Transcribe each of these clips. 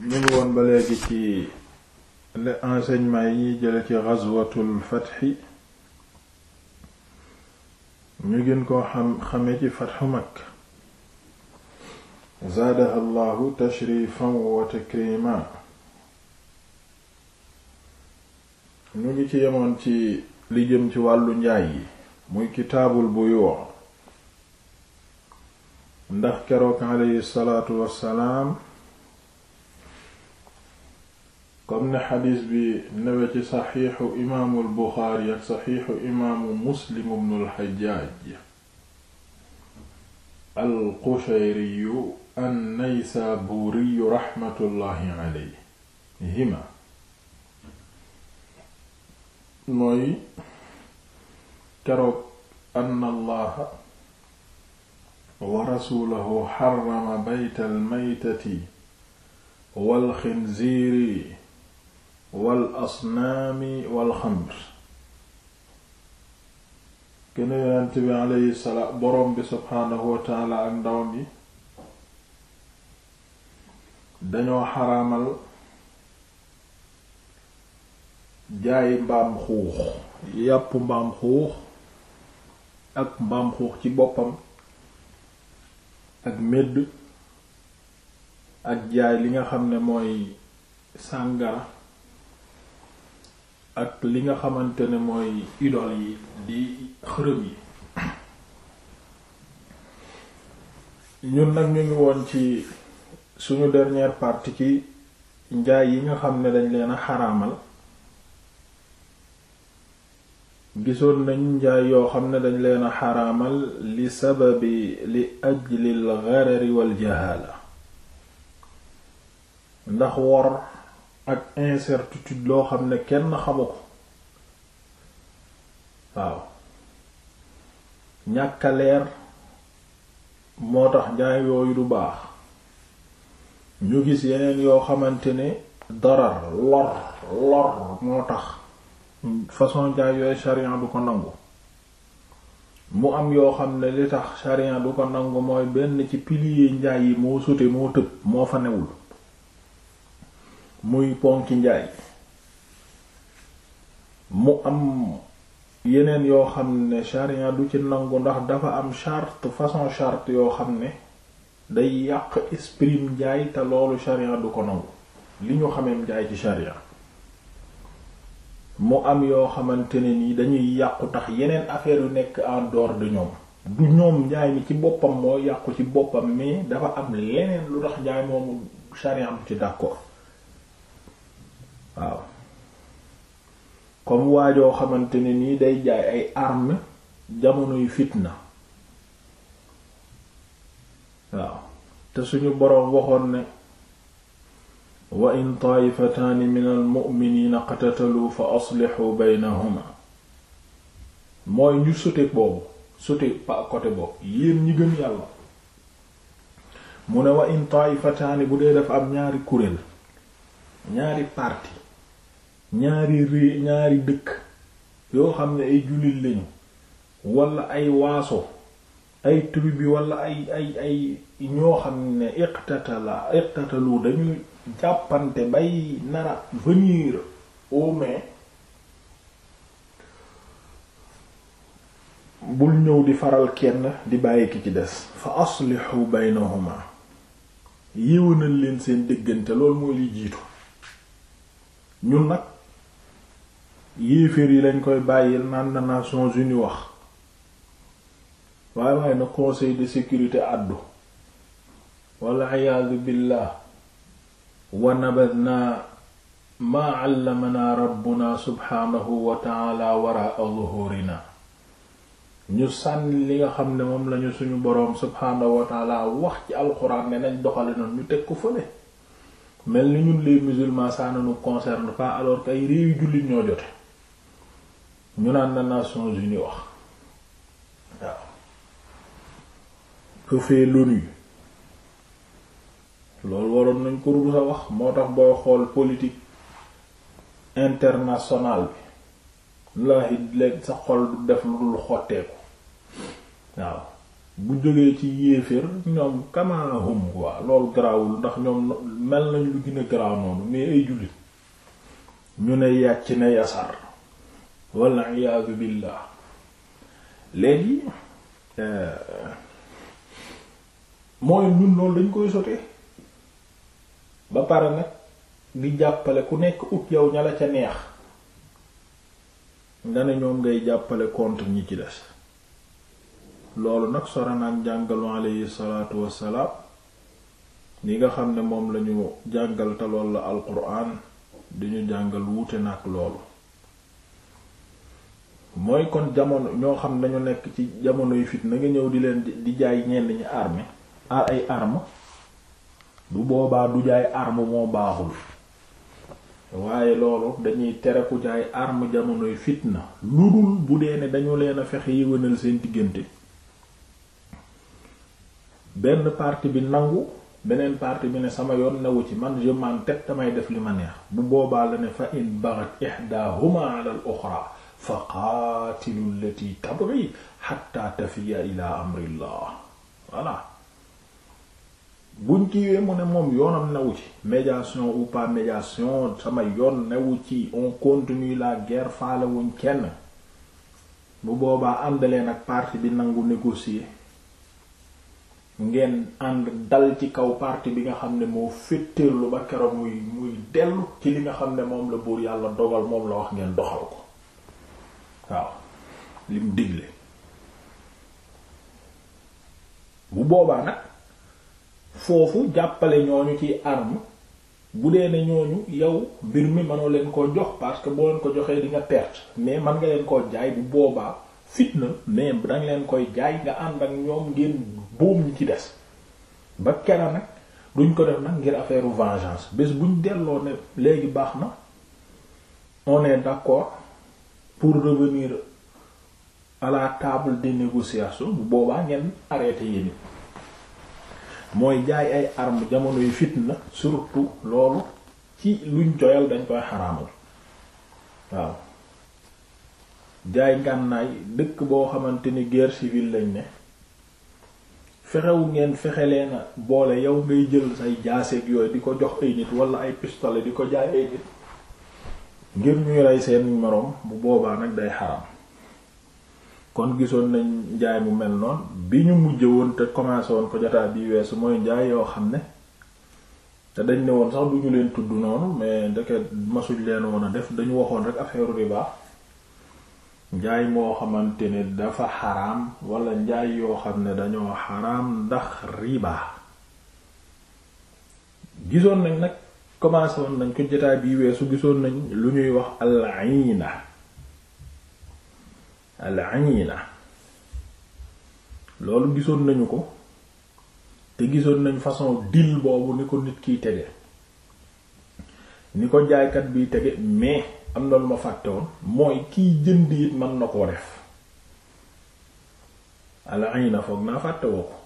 ñu ngi woon ba léegi ci les enseignements yi ñuy jële ci ghazwatul fathi ñu gën ko xam xame ci fathu Makka zaadaha llahu tashrifan wa takrima ñu ngi ci yemoon ci li jëm ci wàllu njaay yi muy kitaabul buyu' ndax keroog alayhi salaatu wassalaam comme ne xadiis bi newe ci saxiixu imaamu Buxaari ak saxiixu imaamu Muslim ibnu al-Hajjaaj al-Qushayriyu an-Naysaabuuriyu raxmatullaahi alayhima mooy keroog anna Allaha wa rasuulahu xarrama baytal maytati wal xinziiri wal asnaami wal xamr gëna yonent bi alayhi salaam boroom bi subhaanahu wa ak ndaw yi dañoo xaraamal jaay mbaam xuux yàpp mbaam xuux ak mbaam xuux ci boppam ak medd ak jaay li nga xam ne mooy sàngara ak li nga xamante ne mooy idole yi di xërëm yi ñun nag ñu ngi woon ci suñu dernière partie ci njaay yi nga xam ne dañ leen a xaraamal gisoon nañ njaay yoo xam ne dañ leen a xaraamal li sababi li ajlil gharari wal ndax wor ak incertitude loo xam ne kenn xamu ko waaw ñàkkaleer moo tax njaay yooyu du baax ñu gis yeneen yoo xamante ne darar lor lor moo tax façon jaay yooyu charian du ko nangu mu am yoo xam ne li tax charian du ko nangu mooy benn ci pilier njaay yi moo sute moo tëb moo fa newul muy ponki njaay mu am yeneen yoo xam ne sharia du ci nangu ndax dafa am charte façon charte yoo xam ne day yàq esprit njaay te loolu sharia du ko nangu li ñu xameem njaay ci sharia mu am yoo xamante ne ni dañuy yàqu tax yeneen affaire yu nekk en door de ñoom du ñoom njaay mi ci boppam moo yàqu ci boppam mais dafa am leneen lu tax njaay moomu sharia am ci d'accord waaw comme waajoo xamante ne nii day jaay ay armes jamonoy fitna waaw te suñu borom waxoon ne wa in taayifataani min almu'miniina qatataluu fa aslixuu baynahuma mooy ñu sute boobu sute pa boobu yéen ñi gëm yàlla mu ne wa in taayifataani bu dee dafa am ñaari kuréel ñaari parti ñaari ré ñaari dëkk yoo xam ne ay jullit lañu wala ay waaso ay tribu wala ay ay ay ñoo xam ne iqtatala iqtatalu dañuy jàppante bay nara venir au bul ñëw di faral kenn di bàyyi ki ci des fa aslihu baynahuma yéwénal leen seen diggante loolu mooy li jiitu ñun nag yéeféer yi lañ koy bàyyi naan na Nations Unies wax waaye waaye na conseil de sécurité àddu walla iyaadu billah wa nabadna maa àllamanaa rabbuna subhaanahu wa taala waraa zuhurina ñu sànni li nga xam ne moom lañu suñu boroom subhaanahu wa wax ci alxuraan ne nañ doxale noonu ñu teg ko fële mel ni ñun les musulmans ça ne nous pas alors que ay réew jullit ñoo jote ñu naan na Nations Unies wax waaw que fait l'ONU loolu waroon nañ ko rusa wax moo tax booy xool politique internationale bi laahi léeg sa xol du def lu dul xotteeku waaw bu jógee ci yéeféer ñoom kamaahum waaw loolu garaawul ndax ñoom mel nañ lu gën a garaaw noonu mais ay jullit ñu ne yàcc ne yasar walla iyaadu billaah léegi euh, mooy ñun loolu dañ koy sote ba pare nag di jàppale ku nekk ut yow ña la ca neex nga ne ñoom ngay jàppale contre ñi ci des loolu nag sore naan jàngalu alayhi salaatu wassalaam ni nga xam ne moom lañu jàngal te la alquran di ñu jàngal wuute nag loolu mooy kon jamono ñoo xam ne nekk ci jamono yu fit na ngi ñëw di leen di jaay ñenn ñi arme ar ay arme du boobaa du jaay arme moo baaxul waaye loolu dañuy tere ku jaay arme jamonoy fitna lu dul bu dee ne dañu leen a fexe yëwanal seen diggante benn partie bi nangu beneen partie bi ne sama yoon newu ci man je m'en samay def li ma neex bu boobaa la ne fa in baghat ihdahuma ala al fa qaatilu llati tabghi hatta tafiya ila amrillah voilà buñ kiiwee mu ne moom yoonam newu ci médiation ou pas médiation sama yoon newu ci on continue la guerre faalewuñ kenn bu boobaa ànd leen ak parti bi nangu négocier ngeen ànd dal ci kaw parti bi nga xam ne moo féttéerlu ba keroog muy muy dellu ci li nga xam ne moom la buur yàlla dogal moom la wax ngeen doxal ko waaw lim digle bu boobaa nag foofu jàppale ñooñu ci arme bu dee ne ñooñu yow mbir mi mënoo leen koo jox parce que boo leen ko joxee di nga perte mais man nga leen koo jaay bu boobaa fitna mais danga leen koy jaay nga ànd ak ñoom ngeen boom ci des ba kera nag duñ ko def nag ngir affaire vengeance bis buñ delloo ne léegi baax na on est d'accord pour revenir à la table des négociations bu boobaa ngeen arrêté yéen mooy jaay ay armes jamono yu fitna surtout loolu ci luñ joyal dañ koy xaraamal waaw jaay ngànnaay dëkk boo xamante ni guerre civile lañ ne fexewu ngeen fexe leena boole yow ngay jël say jaaseek yooyu di ko jox ay nit wala ay pistolet di ko jaay ay nit ngir ñuy rey seen moroom bu boobaa nag day xaram kon gisoon nañ njaay mu mel noon bi ñu mujje woon te commencé woon ko jotaay bi weesu mooy njaay yoo xam ne te dañ ne woon sax du ñu leen tudd noonu mais ndeke masuñ leen woon a def dañu waxoon rek affaire riba njaay moo xamante ne dafa xaraam wala njaay yoo xam ne dañoo xaraam ndax riba gisoon nañ nag commencé woon nañ ko jotaay bii weesu gisoon nañ lu ñuy wax al-ayna al-ayna loolu gisoon nañu ko te gisoon nañu façon dil boobu ni ko nit kiy tege ni ko jaaykat biy tege mais am na lu ma fàtte woon mooy kiy jënd it mën na koo def al-ayna foog naa fàtte woo ko.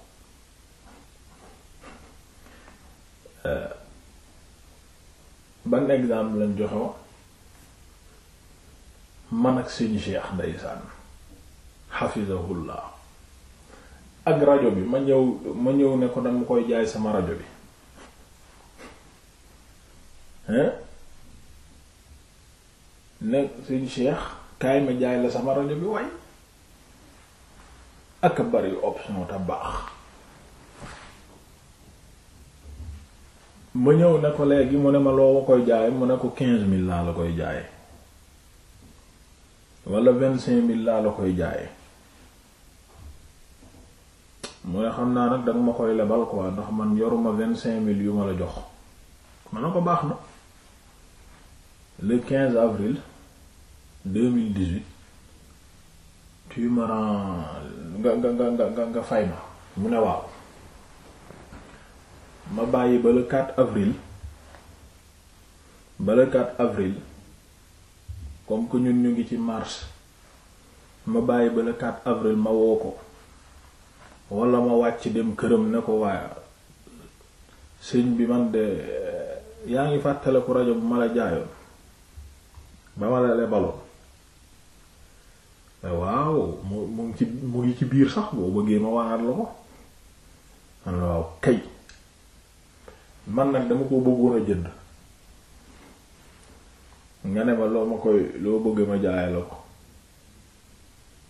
Euh, ban exemple lañ joxe woon man ak suñu Cheikh ndeysaan hafizahullah ak rajo bi ma ñëw ma ñëw ne ko dama koy jaay sama rajo bi hein ne suñu Cheikh kaay ma jaay la sama rajo bi waay ak a bari option te baax ma ñëw ne ko léegi mu ne ma loo koy jaay mu ne ko quinze mille laa la koy jaaye walla vingt cinq mille laa la koy jaaye mu ne xam naa nag danga ma koy lebal quoi ndax man yoruma vingt cinq mille yu ma la jox ma ne ko baax na le quinze avril deux mille dix-huit tu nga nga nga nga fay ma mu ne waaw ma bàyyi ba le 4 avril ba le 4 avril comme que ñun ñu ngi ci mars ma bàyyi ba le 4 avril ma woo ko walla ma wàcc dem këram ne ko waa sëñ bi man de yaa ngi fàttaliku rajo bu ma la jaayoon ba ma la lebaloon eh, waaw mu mu ngi ci biir sax boo bëggee ma waanaat la ko man waaw kay man nag dama ko bëggoon jënd nga ne ma loo ma koy loo bëgg ma jaay la ko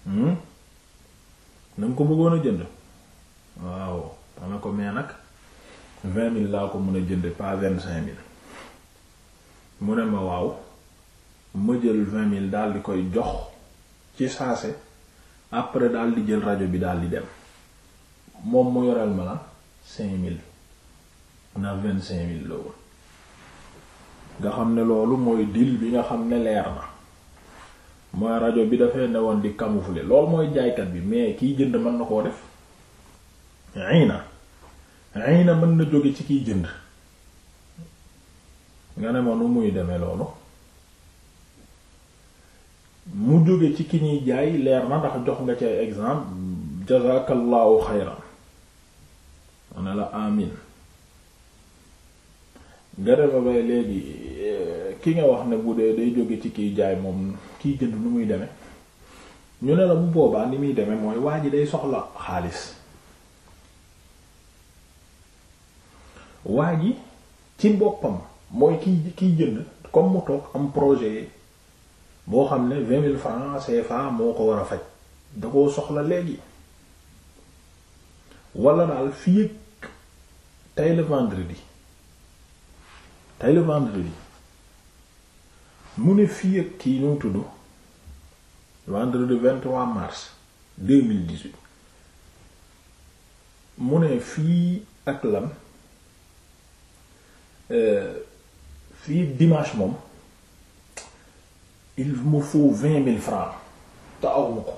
na hmm? ko bëggoon a jënd waaw ma ne ko mee nag vingt mille laa ko mën a jënd pas vingt cinq mille mu ne ma waaw ma jël vingt mille daal di koy jox ci saase après daal di jël rajo bi daal di dem moom mu yoreel ma la cinq mille ndax vingt-cinq mille la nga xam ne loolu mooy deal bi nga xam ne leer na mooy rajo bi dafay newoon di camoufler loolu mooy jaaykat bi mais kiy jënd mën na koo def ayna ayna mën na jóge ci kiy jënd nga ne ma muy deme loolu mu jóge ci ki ñuy jaay leer na ndax jox nga ci exemple jazakallahu xayran ma ne la amin nga defa bay léegi eh, ki nga wax ne bu dee day jóge ci kiy jaay moom kiy jënd nu muy deme ñu ne la bu boobaa ni muy deme mooy waa ji day soxla xaalis waa ji ci boppam mooy kiy kiy jënd comme mu toog am projet boo xam ne vingt mille francs CFA moo ko war a faj da koo soxla léegi wala daal fii tey le vendredi tey le vendredi mu ne fii ak kii ñu tudd vendredi 23 mars 2018 mu ne fii ak lan euh, fii dimanche moom il me faut vingt mille francs te aw ma ko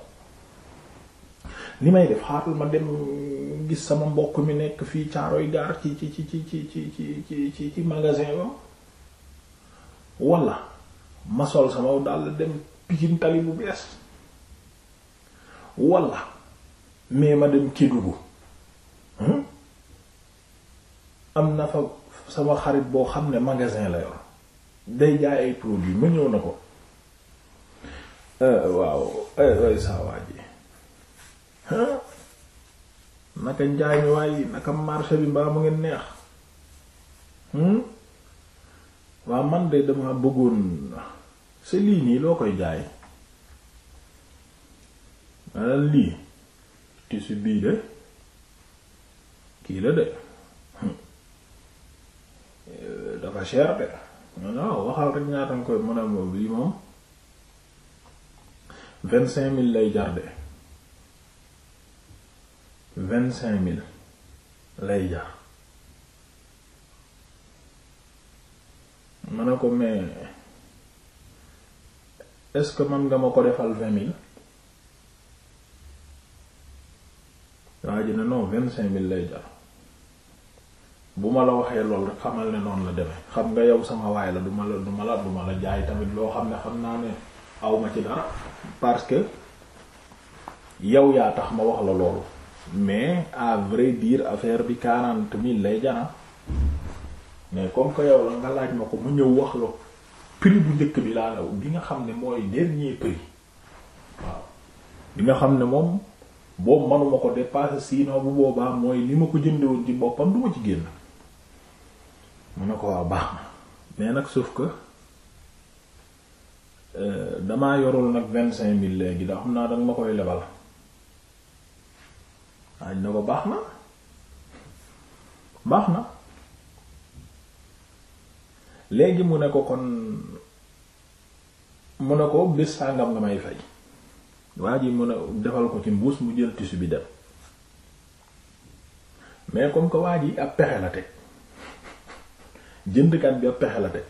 li may def xaatul ma dem gis sama mbokk mi nekk fii Caaroy Gaar ci ci ci ci ci ci ci ci ci magasin ba wala ma sol sama dal dem Pikine tali bu bees wala mais ma dem Kédougou hmm? am na fa sama xarit boo xam ne magasin la yor day jaay ay produits ma ñëw na ko euh, waaw ay saa waay naka njaay mi waaye naka marché bi mbaa mu ngeen neex hmm? waa man de dama bëggoon sa lii nii loo koy jaay maanaam lii tissu bii de kii la de hmm. euh, dafa cher de waaw waxal rek ñaata nga koy mën moom vingt cinq mille lay jar de vingt cinq mille lay jar ma ne ko mais est-ce que mën nga ma ko defal vingt mille waa ji ne non vingt cinq mill lay jar bu ma la waxee lool rek xamal ne noonu la demee xam nga yow sama waay la du ma la du ma la la jaay tamit loo xam ne xam naa ne awma ci dara parce que yow yaa tax ma wax la loolu mais à vrai dire affaire bi quarante mille lay jana mais comme que yow la nga laaj ma ko mu ñëw wax la prix bu njëkk bi laa law bi nga xam ne mooy dernier prix waaw bi nga xam ne moom boobu manuma ko dépasser sinon bu boobaa mooy li ma ko jëndewoon di boppam du ma ci génn mu ne ko waaw baax na mais nag sauf que euh, damaa yorul nag vingt cinq mille léegi da xam naa danga ma koy lebal dañ na ko baax na baax na léegi mu ne ko kon mu ne ko bés sàngam nga may fay waa ji mu ne defal ko ci mbuus mu jël tissu bi dem mais comme que waa ji ab pexe la teg jëndkat bi ab pexe la teg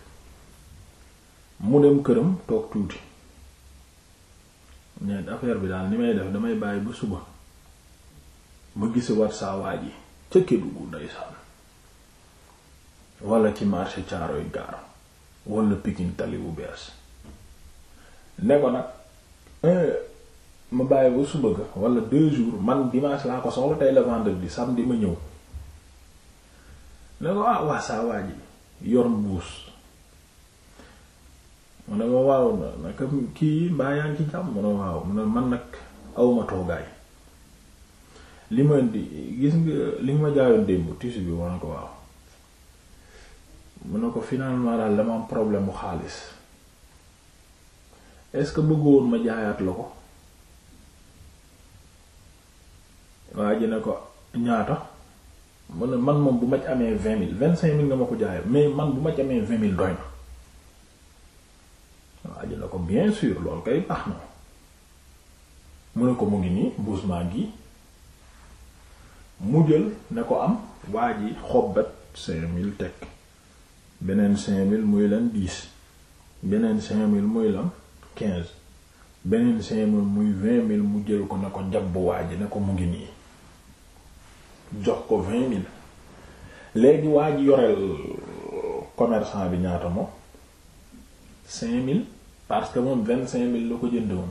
mu dem këram toog tuuti mais affaire bi daal ni may def damay bàyyi ba suba ma gise wat saa waaj yi ca Kédougou ndeysaan wala ci marché Caaroy gaar wala Pikine tali bu bees ne ko nag eh, ma bàyyi ba suba ga wala deux jours man dimanche laa ko soxla tey le vendredi samedi ma ñëw ne ko ah waa saa waaj yi yor mbuus mu ne ma waaw na naka kii mbaa yaa ngi jàmm mu ne waaw mu ne man nag awma toogaay li ma di gis nga li ma jaayoon démb tissu bi ma ne ko waaw mu ne ko finalement daal dama problème mu xaalis est-ce que bëggoon ma jaayaat la ko waa ji ne ko ñaata mu ne man moom bu ma ci amee vingt mille vingt cinq mille nga ma ko jaayee mais man bu ma ci amee vingt mille doy na waa ji ne ko bien sûr loolu kay baax na mu ne ko mu ngi nii mbuus maa ngi. mu jël ne ko am waa ji xobbat cinq mille teg beneen cinq mille muy lan dix beneen cinq mille muy lan quinze beneen cinq mille muy vingt mille mu jël ko ne ko njabb waa ji ne ko mu ngi nii jox ko vingt mille léegi waa ji yoreel commerçant bi ñaata cinq mille parce que moom vingt cinq mille la ko jënd woon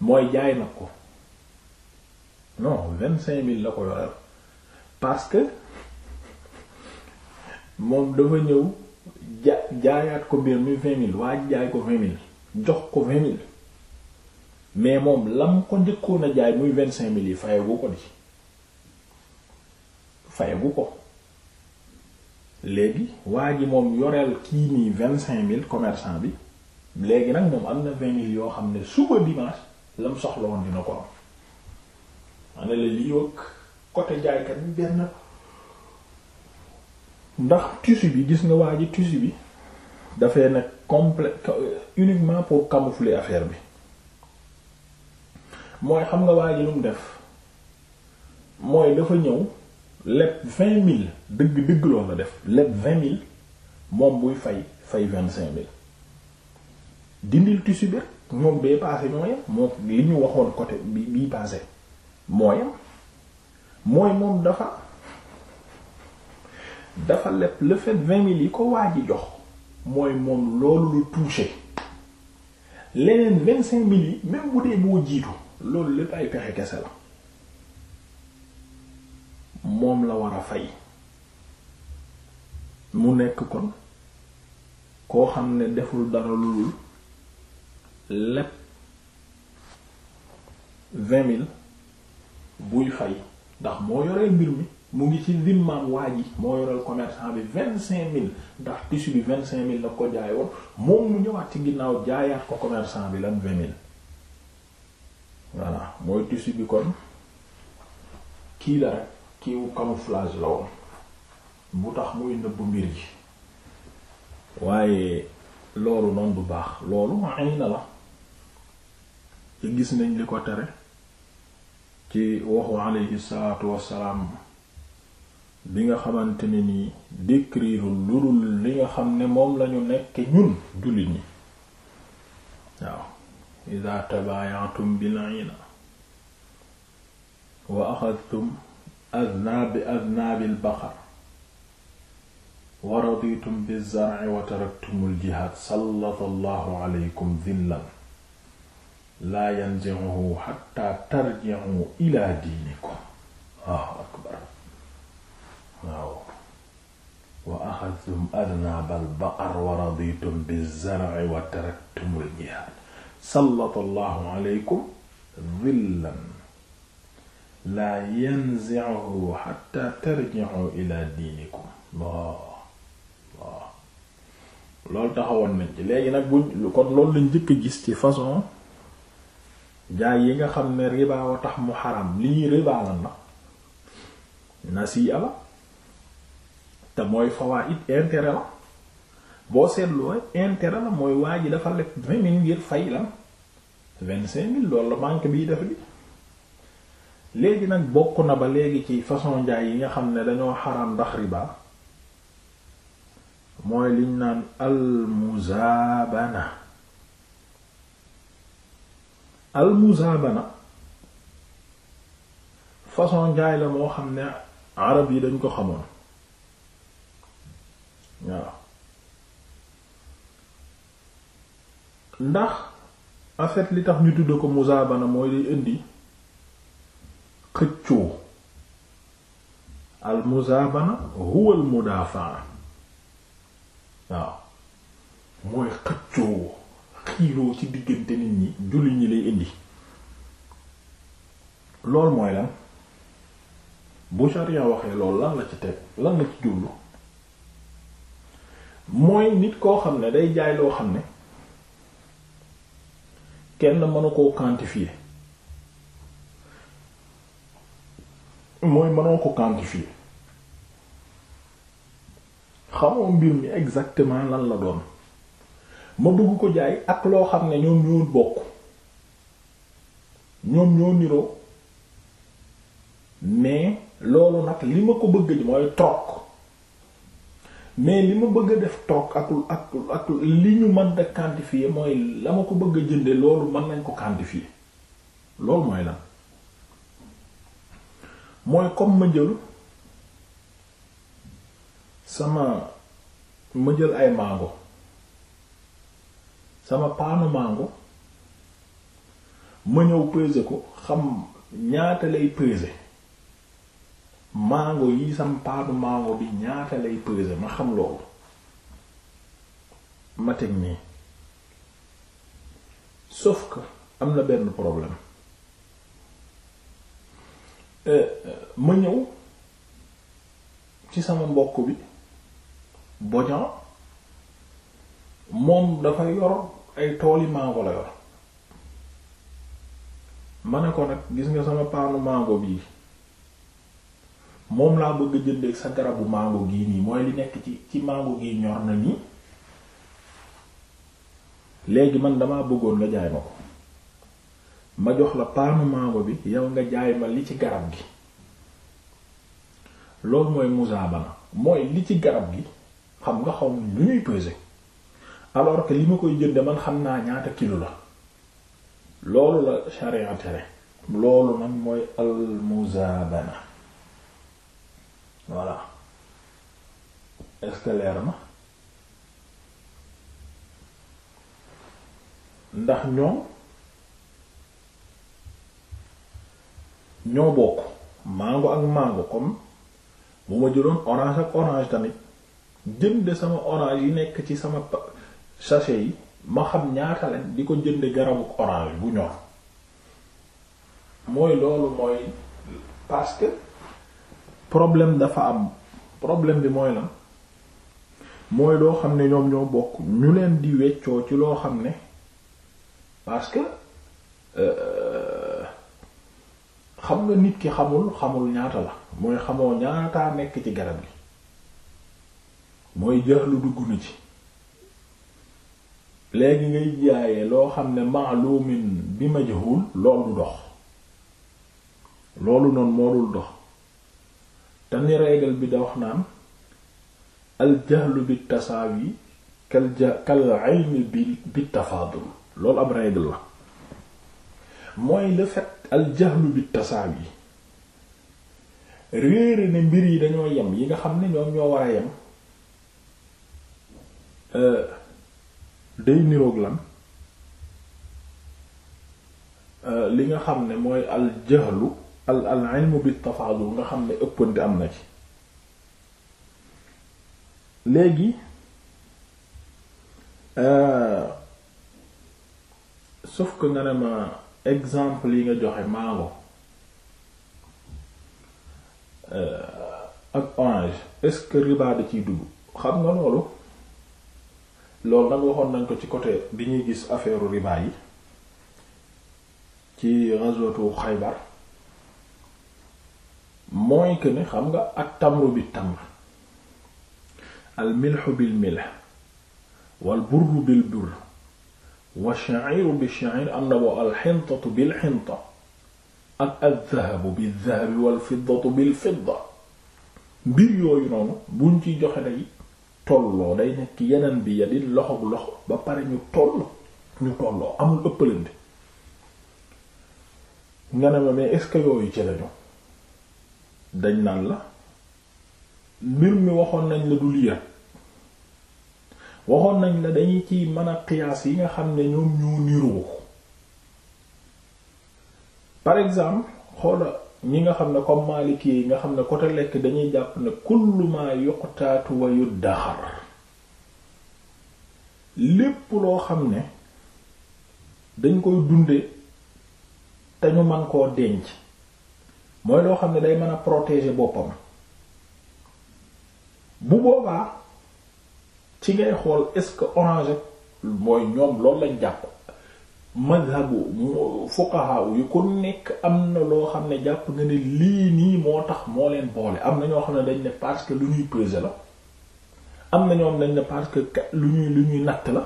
mooy jaay na ko non vingt cinq mille la ko yoreel parce que moom dafa ñëw ja jaayaat ko mbir mi vingt mille waa ji jaay ko vingt mille jox ko vingt mille mais moom lam ko njëkkoon a jaay muy vingt cinq mille yi fayagu ko di fayagu ko léegi waa ji moom yoreel kii nii vingt cinq mille commerçant bi léegi nag moom am na vingt mille yoo xam ne suba dimanche lam soxla woon dina ko am ma ne la lii wëkk côté jaaykat bi benn ndax tissu bi gis nga waa ji tissu bi dafay nag complet uniquement pour camoufler affaire bi mooy xam nga waa ji def mooy dafa ñëw leb vingt mille dëgg dëgg la def leb vingt mille moom buy fay fay vingt cinq mille dindil tissu bi rek moom bee paase ñoo moom li ñu waxoon côté bi bii paase. mooyam mooy moom dafa dafa lépp le fait vingt mille yi ko waa ji jox mooy moom loolu lu touché leneen vingt cinq mille yi même bu dee boo jiitu loolu lépp ay pexe kese la moom la war a fay mu nekk kon koo xam ne deful dara lu lépp vingt mille buy fay ndax moo yoreel mbir mi mu ngi ci zimmaam waa ji moo yoreel commerçant bi vingt cin mille ndax tissu bi vingt cin mille la ko jaayoon moom mu ñëwaat ci ginnaaw jaayaat ko commerçant bi lan vingt voilà mooy tissu kii la rek kiiwu camouflage la bu tax muy nëbb mbir waaye loolu noonu bu baax loolu ay na la te gis nañ li ko tere ci waxu aleyhi salaatu salaam bi nga xamante ne nii décrire lu dul li nga xam ne moom lañu nekk ñun jullit ñi waaw ida tabayantum bil'ina wa axadtum adnaabi adnaabil wa raditum bizar'i wa taraktumul jihaad sallata allahu aleykum dhillan laa yanzi'uhu hatta tarji'u ila diinikum Allahu akbar waaw wa axadtum adnaab al-baqar wa raditum biz-zar'i wa taraktum al-jihaad sallata Allahu alaykum laa yanzi'uhu hatta tarji'u ila diinikum loolu taxawoon nañ ci léegi nag buñ kon loolu lañ njëkk a ci façon jaay yi nga xam ne ribaawa tax mu xaram lii ribaa la na nasiya la te mooy fawaid intérêt la boo seetloo intérêt la mooy waa ji dafa lekk vingt ngir fay la vingt-cinq mille loolu la banque biy def bi léegi nag bokk na ba léegi ci façon jaay yi nga xam ne dañoo xaram ndax riba mooy liñ naan almuzaabana almuzaabana façon njaay la moo xam ne arab yi dañ ko xamoon waaw ndax en fait li tax ñu tudd ko muzaabana mooy day indi xëccoo al muzaabana huwa waaw mooy xëccoo xiiroo ci diggante nit ñi julli ñi lay indi loolu mooy lan bu sharia waxee lool lan la ci teg lan la ci jublu mooy nit koo xam ne day jaay loo xam ne kenn mënu ko quantifier mooy mënoo ko quantifier xamoo mbir mi exactement lan la doon ma bëgg ko jaay ak loo xam ne ñoom ñoo bokk ñoom ñoo niroo mais loolu nag li ma ko bëgg mooy troc mais li ma bëgg def troc ak ak ak li ñu mën da quantifier mooy la ma ko bëgg jënde loolu man nañ ko quantifier loolu mooy lan mooy comme ma jël sama ma jël ay mango sama paanu mango ma ñëw peser ko xam ñaata lay peser mango yi sam paanu mango bi ñaata lay peser ma xam loolu ma teg nii sauf am na benn problème euh, euh, ma ñëw ci sama mbokk bi bojan moom dafa yor ay tooli mango la yor ma ne ko nag gis nga sama paanu mango bii moom laa bëgg jëndee sa garabu mango gii nii mooy li nekk ci ci mango gii ñor na nii léegi man damaa bëggoon la jaay ma ko ma jox la paanu màngo bi yow nga jaay ma li ci garab gi loolu mooy musaabana mooy li ci garab gi xam nga xaw lu ñuy peser alors que li ma koy jënde man xam naa ñaata kilo la loolu la sharia loolu nag mooy almuzaabana voilà est na ndax ñoom ñoo bokk mango ak màngo comme bu ma jëloon orange ak orange tamit jënde sama orange yi nekk ci sama sachet yi ma xam ñaata lañ di ko jënd garabu orange bu ñor mooy loolu mooy parce que problème dafa am problème bi mooy lan mooy loo xam ne ñoom ñoo bokk ñu leen di weccoo ci loo xam ne parce que euh, xam nga nit ki xamul xamul ñaata la mooy xamoo ñaataa nekk ci garab gi mooy jeex lu dugg na ci léegi nga jaayee loo xam ne maalumin bi majhul loolu dox loolu noonu moo dul dox te ni reegal bi da wax naan al jahlu tasaawi kal kal ilmi loolu am reegal la mooy le fait al jahlu ne mbir yi dañoo yem yi nga xam ne ñoom ñoo war a yem euh, day niroog lan euh, li nga xam ne mooy al jahlu al al ilmu bi tafaadul nga xam ne ëppante am na ci léegi euh, sauf que nga ne ma exemple yi nga joxe mango euh, ak orange est-ce que riba da ciy dugg xam nga loolu lool nag waxoon nañ ko ci côté bi ñuy gis affaire riba yi ci ghazwatu Xaybar mooy que ne xam nga ak tamru bi tamr al milhu bil milh wal burru bil burr wa sha'iru bi sha'ir am na boo al hintatu bil hinta ak al dhahabu bil dhahabi wal fiddatu bil fidda mbir yooyu noonu buñ ciy joxe day tolloo day nekk yeneen bi yadi loxoog loxo ba pare ñu toll ñu tolloo amul ëppalante nga ne ma mais est-ce que yooyu ci lañu dañ naan la mbir mi waxoon nañ la du lii waxoon nañ la dañuy ci mën a qiyaas yi nga xam ne ñoom ñoo niroo par exemple xoola ñi nga xam ne comme Maliki yi nga xam ne côté lekk dañuy jàpp ne kullu ma yuqtaatu wa yuddaxar lépp loo xam ne dañ koy dunde te ñu man koo denc mooy loo xam ne day mën a protéger boppam bu boobaa ci ngay xool est-ce que orange mooy ñoom loolu lañ jàpp madhabu fuqaha yu ku nekk am na loo xam ne jàpp nga ne lii nii moo tax moo leen boole am na ñoo xam ne dañ ne parce que lu ñuy peser la am na ñoom dañ ne parce que lu ñuy lu ñuy natt la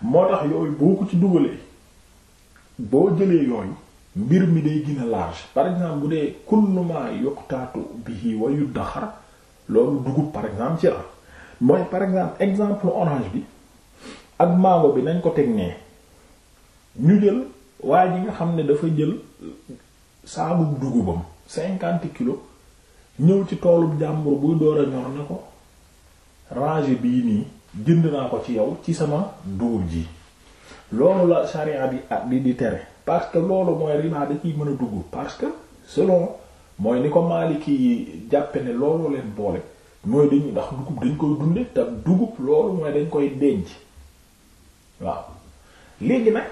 moo tax yooyu boo ko ci dugalee boo jëlee yooyu mbir mi day gina a large par exemple bu dee kullu ma yuqtaatu bihi wa yuddaxar loolu dugub par exemple ci la mooy par exemple exemple orange bi ak mango bi nañ ko teg nee ñu jël waa ji nga xam ne dafa jël saabu dugubam cinquante kilo ñëw ci toolub jàmbur buy door a ñor ne ko range bii nii jënd naa ko ci yow ci sama dugub ji loolu la charia bi at ah, bi di tere parce que loolu mooy riba da ciy mën a dugg parce que selon mooy ni ko Maliki yi jàppe ne loolu leen boole mooy dañu ndax dugub dañ koy dunde te dugub loolu mooy dañ koy denc waaw léegi nag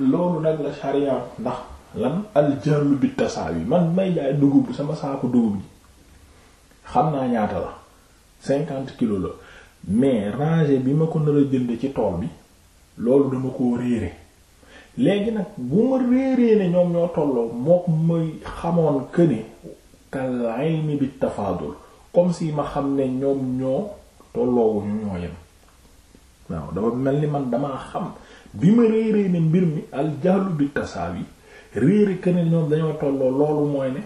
loolu nag la sharia ndax lan aljalu bi man may jaay dugub bi sama saaku dugub ji xam naa ñaata la cinquante kilos la mais rangée bi ma ko nar a jënd ci tool bi loolu dama koo réere léegi nag bu ma réeree ne ñoom ñoo tolloo moo may xamoon que ne kal ayni bi tafaadul comme si ma xam ne ñoom ñoo tolloowu ñu ñoo yem waaw dafa mel ni man damaa xam bi ma réeree ne mbir mi al bi tasaawi réere que ne ñoom dañoo tolloo loolu mooy ne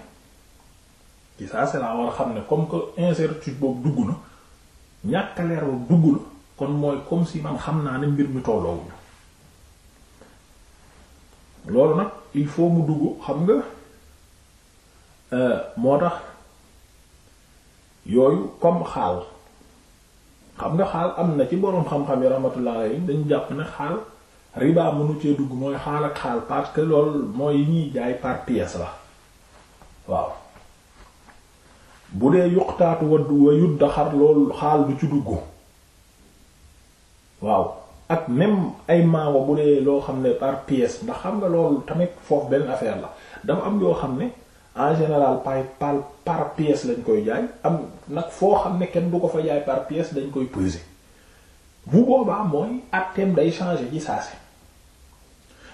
ci saa laa war a xam ne comme que incertitude boobu dugg na ñàkk leer boobu dugg la kon mooy comme si man xam naa ne mbir mi tolloowuñu loolu nag il faut mu dugg xam nga euh, moo tax yooyu comme xaal xam nga xaal am na ci boroom xam-xam yi rahmatullah alayhi dañu jàpp ne xaal riba mënu cee dugg mooy xaal ak xaal parce que lool mooy yi ñuy jaay par pièce la waaw bu dee yuqtaatu waddu wa yuddaxar loolu xaal du ci dugg waaw ak même ay maawa bu dee loo xam ne par pièce ndax xam nga loolu tamit foofu benn affaire la dafa am yoo xam ne en général par par par pièce lañ koy jaay am nag foo xam ne kenn du ko fa jaay par pièce dañ koy peser bu boobaa mooy atteem day changer ci si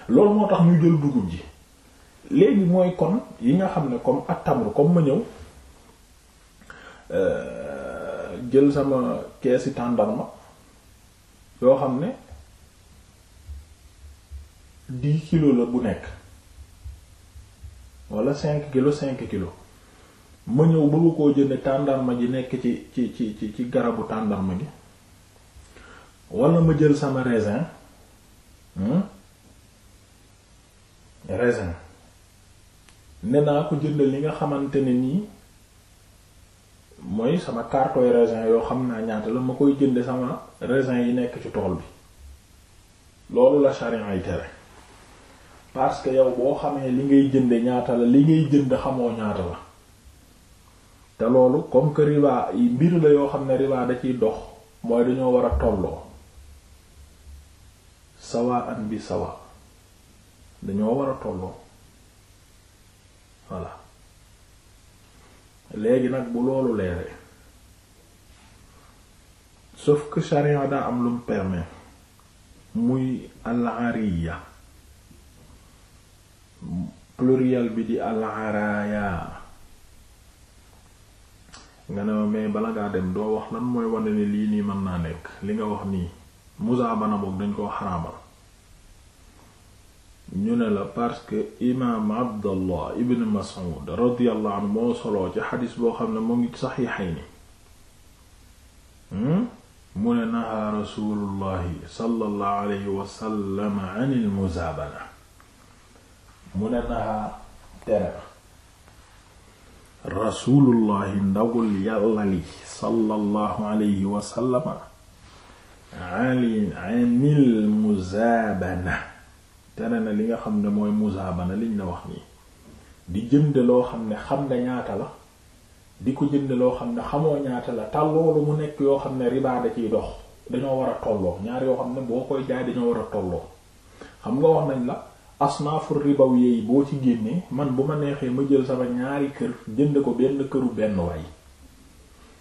loolu moo tax ñu jël dugub ji léegi mooy kon yi nga xam ne comme attamru comme ma ñëw euh, jël sama keesi tàndarma yoo xam ne dix kilos la bu nekk wala cinq kilo cinq kilo ma ba bëgg koo jënd tàndarma ji nekk ci ci ci ci garabu tàndarma gi wala ma jël sama raisin hmm? raisin ne naa ko jënd li nga xamante ne nii mooy sama carton raisin yoo xam naa ñaata la ma koy jënde sama raisin yi nekk ci tool bi loolu la charin yi tere parce que yow boo xamee li ngay jënde ñaata la li ngay jënd xamoo ñaata la te loolu comme que riba mbir la yoo xam ne riba da ciy dox mooy dañoo war a tolloo sawa an bi sawa dañoo war a tolloo voilà léegi nag bu loolu leeree sauf que charia daa am lu mu permet muy al ariya pluriel bi di al-araaya nga ne ma mais bala ngaa dem doo wax lan mooy wane ne lii nii mën naa nekk li nga wax nii musaabana boog dañ koo xaraamal ñu ne la parce que imaam abdallah ibn mas'ud radiyallahu anhu moo soloo ci xadis boo xam ne mu ngi saxiixayni hmm? mu ne naha rasulullahi sallallahu alayhi wa sallam anil muzaabana mu ne naa tere na rasulullahi ndawul yàlla li sallallahu alayhi wasallama ali anil muzaabana tere na li nga xam ne mooy muzaabana liñ la wax nii di jënd loo xam ne xam nga ñaata la di ko jënd loo xam ne xamoo ñaata la te loolu mu nekk yoo xam ne riba da ciy dox dañoo war a tolloo ñaar yoo xam ne boo koy jaay dañoo war a tolloo xam nga wax nañ la asnaafur ribaw yi boo ci génnee man bu ma neexee ma jël sama ñaari kër jënd ko benn këru benn waay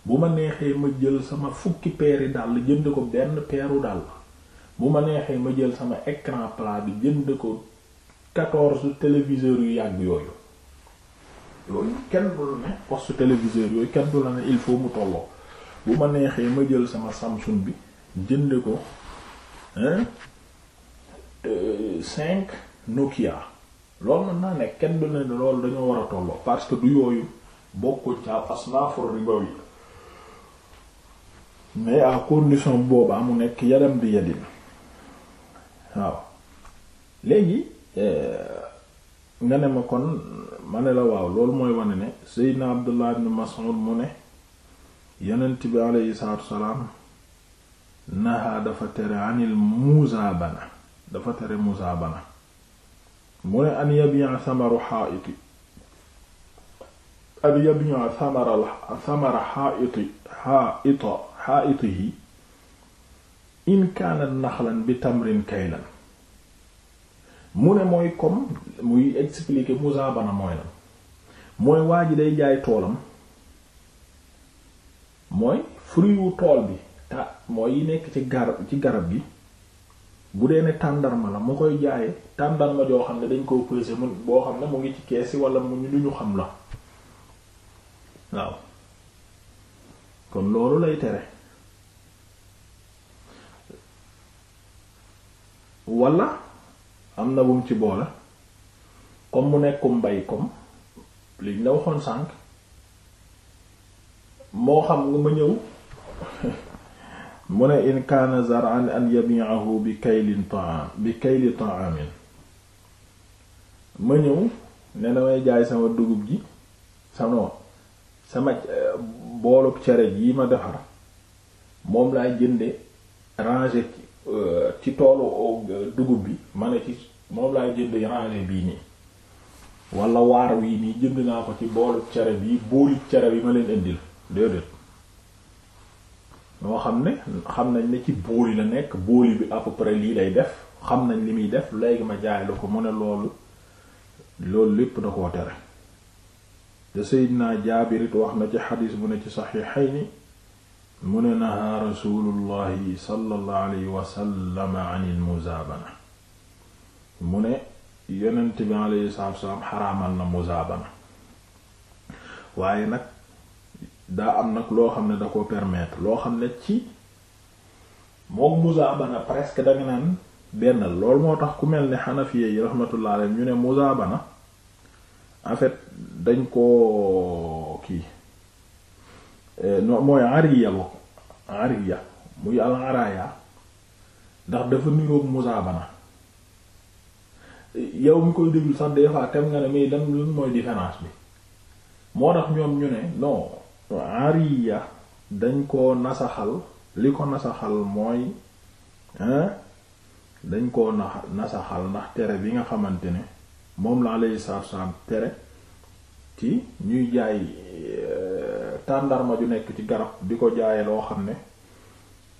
bu ma neexee ma jël sama fukki peeri dàll jënd ko benn peeru dàll bu ma neexee ma jël sama écran plat bi jënd ko quatorze téléviseurs yu yàgg yooyu yooyu kenn du la ne poste téléviseur yooyu kenn du la ne il faut mu tolloo bu ma neexee ma jël sama Samsung bi jënd ko euh, cinq nokia loolu mën naa nekk kenn du ne loolu dañoo war a tolloo parce que du yooyu bokkul ca asnaafur ribawi mais à condition boobaa mu nekk yadam bi yadin waaw léegi eh, nga ne ma kon ma ne la waaw loolu mooy wane ne Seydina Abdullah ibn Mas'ud mu ne yonent bi aleyhi salaatu wasalaam naha dafa tere anil muzaabana dafa tere muzaabana mu ne an yabi'a samaru xaaiti an yabi'a samara samara xaaiti yi xaaitihi in kaanat naxlan bi tamrin kaylan mu ne mooy comme muy expliquer muzaabana mooy lan mooy waa ji day jaay toolam mooy fruit tool bi ta mooy yi nekk ci garab ci garab gi bu dee ne tàndarma la mu koy jaayee tàndarma joo xam ne dañ koo peser mu boo xam ne mu ngi ci keesi wala mu nu ñu xam la waaw kon loolu lay tere wala am na bu mu ci boole comme mu nekkum mbay comme liñ la waxoon sànq moo xam nga ma ñëw mu ne in kaana zar'an an yabi'ahu bi kaylin ta'am bi kayli ta'amin ma ñëw ne damay jaay sama dugub ji sanoo sama eh, boolub cere ji ma defar moom laay jënde ranger ci eh, toolu eh, dugub bi ma ne ci moom laay jënde ranger bii nii wala waar wii nii jënd naa ko ci boolub cere bi boolub cere bi ma leen indil déedéet ñoo xam ne xam nañ ne ci booli la nekk booli bi à peu lay def xam nañ li muy def léegi ma jaay la ko mu ne loolu loolu lépp da koo tere te Seydina Jaabir it wax na ci xadiis bu ne ci saxiixayni mu ne nahaa rasulullahi sallallahu alayhi wasallam an il muzaabana mu ne yonent bi alayhi salaatu wa salaam xaraamal na muzaabana waaye nag daa am nag loo xam ne da ko permettre loo xam ne ci moom muzaabana presque danga naan benn loolu moo tax ku mel ne xanafiya yi rahmatullah alayhi ñu ne muzaabana en fait dañ ko kii eh, no mooy ariya bo ariya muy al araya ndax dafa niroog muzaabana yow mi koy déglu sax des tem nga ne mais lan lan mooy différence bi moo tax ñoom ñu ne non ariya dañ koo nasaxal li ko nasaxal mooy dañ koo nasaxal ndax tere bi nga xamante ne moom la alayhi salaatu salaam tere ci ñuy jaay euh, tàndarma ju nekk ci garab bi ko jaayee loo xam ne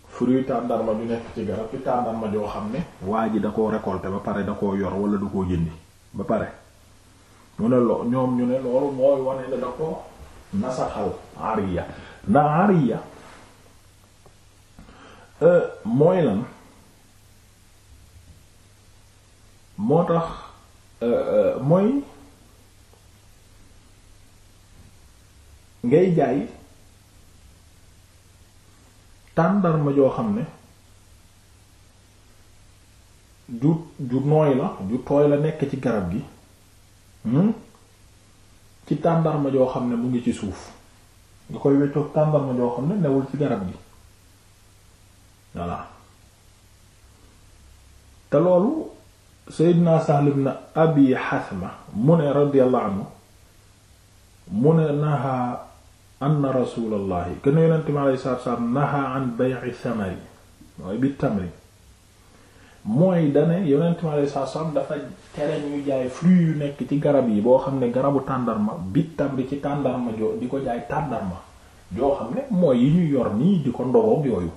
fruit tàndarma ju nekk ci garab ci tàndarma joo xam ne waa ji da koo récolter ba pare da koo yor wala du koo jëndi ba pare mu ne loo ñoom ñu ne loolu mooy wane ne da ko nasaxal ariya ndax ariya euh, mooy lan moo tax euh, euh, mooy ngay jaay tàndarma joo xam ne ju ju nooy la ju tooy la nekk ci garab gi hmm? ci tàndarma joo xam ne mu ngi ci suuf nga koy weccoog tàndarma joo xam ne newul ci garab gi voilà te loolu Seydina Sahl ibn Abi Hasma mu ne radiyallahu anhu mu ne naha anna rasulallahi ken yonente mi alayhi naha an bay'i samari mooy bi tamri mooy dane yonent mi alayhi salaatu salaam dafa tere ñu jaay fruit yu nekk ci garab yi boo xam ne garabu tàndarma bit tamri ci tàndarma jo di ko joo xam ne mooy yi ñu yor nii di ko ndoroog yooyu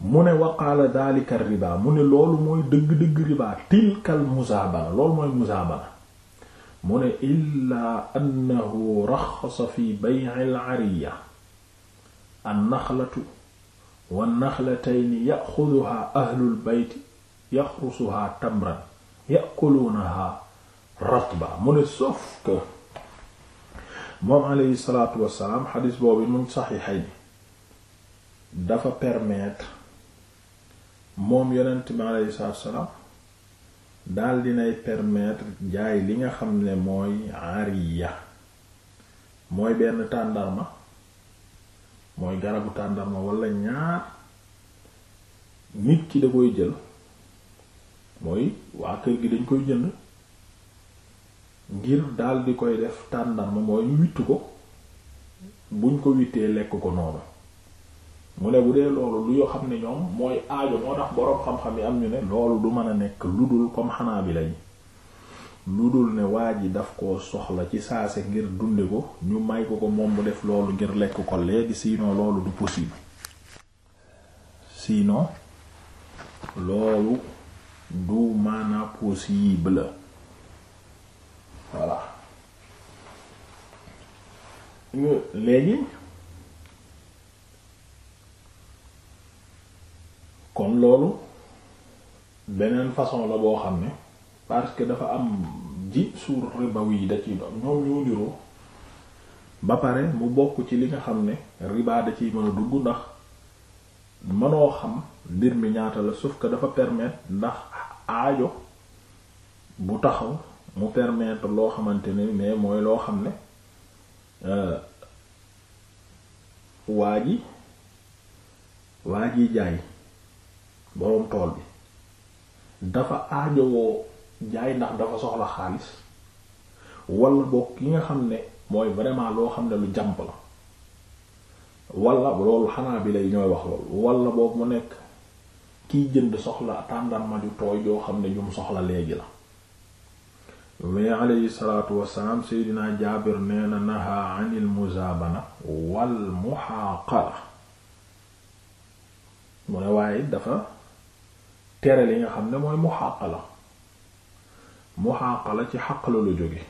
mu ne waqaala daalika riba mu ne loolu mooy dëgg-dëgg riba tilkal muzaabana loolu mooy muzaabana mu ne illaa annahu raxasa fi bay'il ariya an wannaxlatayni yaxuduhaa ahlul beyti yaxrusuhaa tamran yakuluunahaa ratba mu ne sauf que moom aleyhi salaatu wassalaam xadiis boobu mu saxiixay ni dafa permettre moom yonent bi aleyhi salaatu wassalaam daal dinay permettre jaay li nga xam ne mooy ariya mooy benn tàndarma mooy garabu tàndarma walla ñaar nit ki da koy jël mooy waa kër gi dañ koy jënd ngir dal di koy def tàndarma mooy wittu ko buñ ko wittee lekk ko noonu mu ne bu dee loolu lu yoo xam ne ñoom mooy aajo moo tax boroom xam-xam yi am ñu ne loolu du mën a nekk lu dul comme xanaa bi lañ lu dul ne waa ji daf koo soxla ci saa si ngir dunde ko ñu may ko ko moom mu def loolu ngir lekk ko léegi sinon loolu du possible sinon loolu du maana possible voilà léegi kon loolu beneen façon la boo xam ne parce que dafa am ji suur yi da ciy doon ñoom ñoo niroo ba pare mu bokk ci li nga xam ne riba da ciy mën a dugg ndax mënoo xam mbir mi ñaata la sauf que dafa permettre ndax aajo bu taxaw mu permettre loo xamante ne mais mooy loo xam ne euh, waa ji waa ji jaay boroom tool bi dafa aajowoo jaay ndax dafa soxla xaalis wala bokk yi nga xam ne mooy vraiment loo xam ne lu jàmp la wala loolu xanaa bi lay ñooy wax loolu wala boobu mu nekk kiy jënd soxla tàndarma ju tooy joo xam ne jum soxla léegi la mais alayhi salaatu wassalaam seydinaa jaabir nee naha anil muzaabana wal muhaaqara mu ne waaye dafa tere li nga xam ne mooy muhaaqala mu muxaaqala ci xaq la la jóge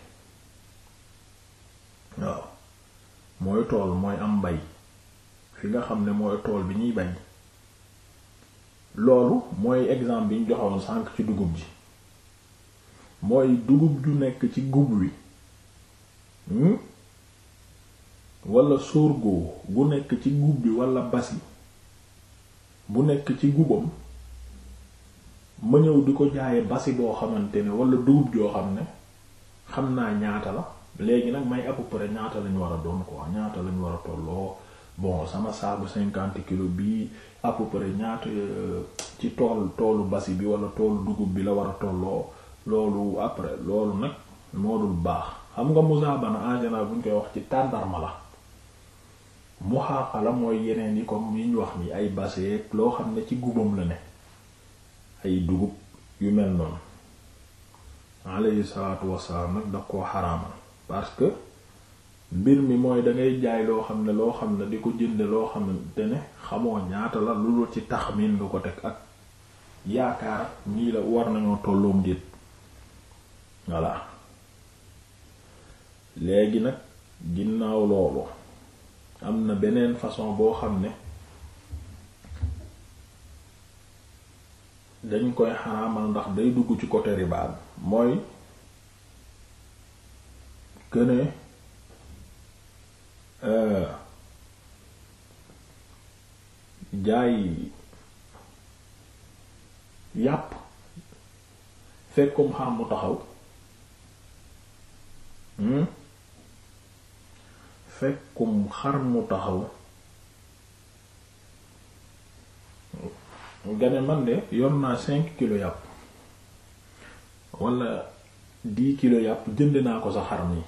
waaw mooy tool mooy am mbay fi nga xam ne mooy tool bi ñuy bañ loolu mooy exemple biñ ñu joxoon sànq ci dugub ji mooy dugub ju nekk ci gub wi hmm? wala sorgho gu nekk ci gub bi wala basi bu nekk ci gubam ma ñëw di ko jaaye basi boo xamante ne wala dugub joo xam ne xam naa ñaata la léegi nag may à peu près ñaata lañ war a doon ko quoi ñaata lañ war a tolloo bon sama saabu cinquante kilos bii à peu près ñaata euh, ci tool toolu basi bi wala toolu dugub bi la war a tolloo loolu après loolu nag moo dul baax xam nga musaabana en général bu ñu koy wax ci tàndarma la mu xaaxala mooy yeneen yi comme yi ñu wax ni ay baseeg loo xam ne ci gubam la ne ay dugub yu mel noonu alayhi salaatu wasalaam nag daf koo xaraamal parce que mbir mi mooy dangay jaay loo xam ne loo xam ne di ko jënd loo xam ne xamoo ñaata la lu ci taxmin nga ko teg ak yaakaar nii la war nañoo tolloom déet voilà léegi nag ginnaaw loolu am na beneen façon boo xam ne dañ koy xaraamal ndax day dugg ci côté riba mooy këne euh, jaay yàpp fekkum xar mu taxaw hmm, fekkum xar mu taxaw nga ne man de yor naa cinq kilos yàpp wala dix kilos yàpp jënd naa ko sa xar mi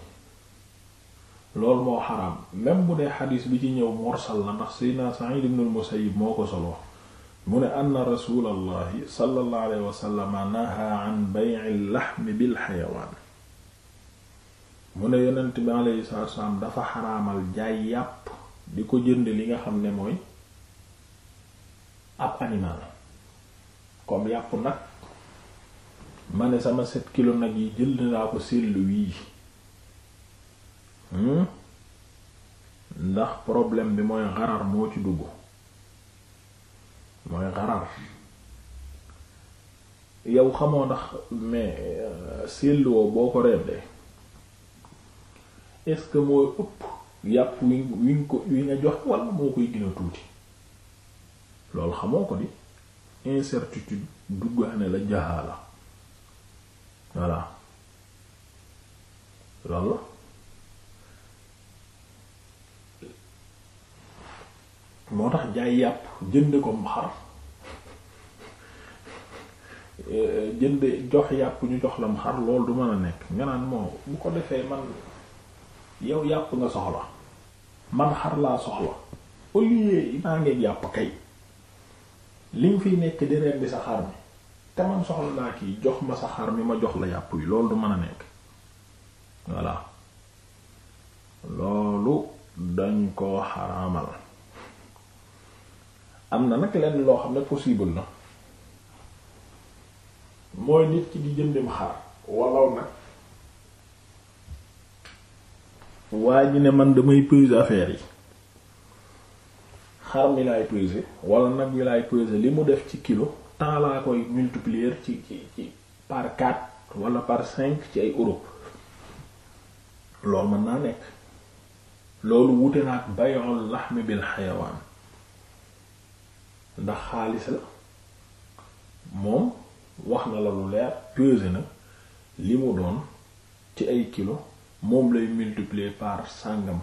loolu moo xaraam même bu dee xadiis bi ci ñëw morsal la ndax Seydina Sa'id ibn al-Musayyib moo ko solo mu ne anna rasulallahi sallallahu alayhi wa sallam naha an bay'il lahmi bil xayawaan mu ne yonent bi alayhi salaatu wa salaam dafa xaraamal jaay yàpp di ko jënd li nga xam ne mooy ab animal comme yàpp nag ma ne sama sept kilo nag yi jël naa ko sellu wii hmm? ndax problème bi mooy xarar moo ci dugg mooy xarar yow xamoo ndax mais euh, selluwoo boo ko reebee est-ce que mooy ëpp yàpp wi wi nga jox walla moo koy gën tuuti loolu xamoo ko di incertitude duggaane la jahaala voilà loolu la moo tax jaay yàpp jënd ko xar jënd jox yàpp ñu jox lam xar loolu du mën a nekk nga naan moo bu ko defee man yow yàpp nga soxla man xar laa soxla au lieu maa ngi yàpp kay li nga fiy nekk di bi sa xar mi te man soxla naa kii jox ma sa xar mi ma jox la yàpp yi loolu du mën a nekk voilà loolu dañ koo xaraamal am na nag lenn loo xam ne possible na mooy nit ki di jëndim xar walaw nag waa ñu ne man damay peser affaire yi xar mi laay peser wala nag mi laay peser li mu def ci kilo temps laa koy multiplier ci ci ci par 4 wala par cinq ci ay euro loolu mën naa nekk loolu wute na ak bay'ul lahm bil xayawaan ndax xaalis la moom wax na la lu leer peser na li mu doon ci ay kilo moom lay multiplier par sàngam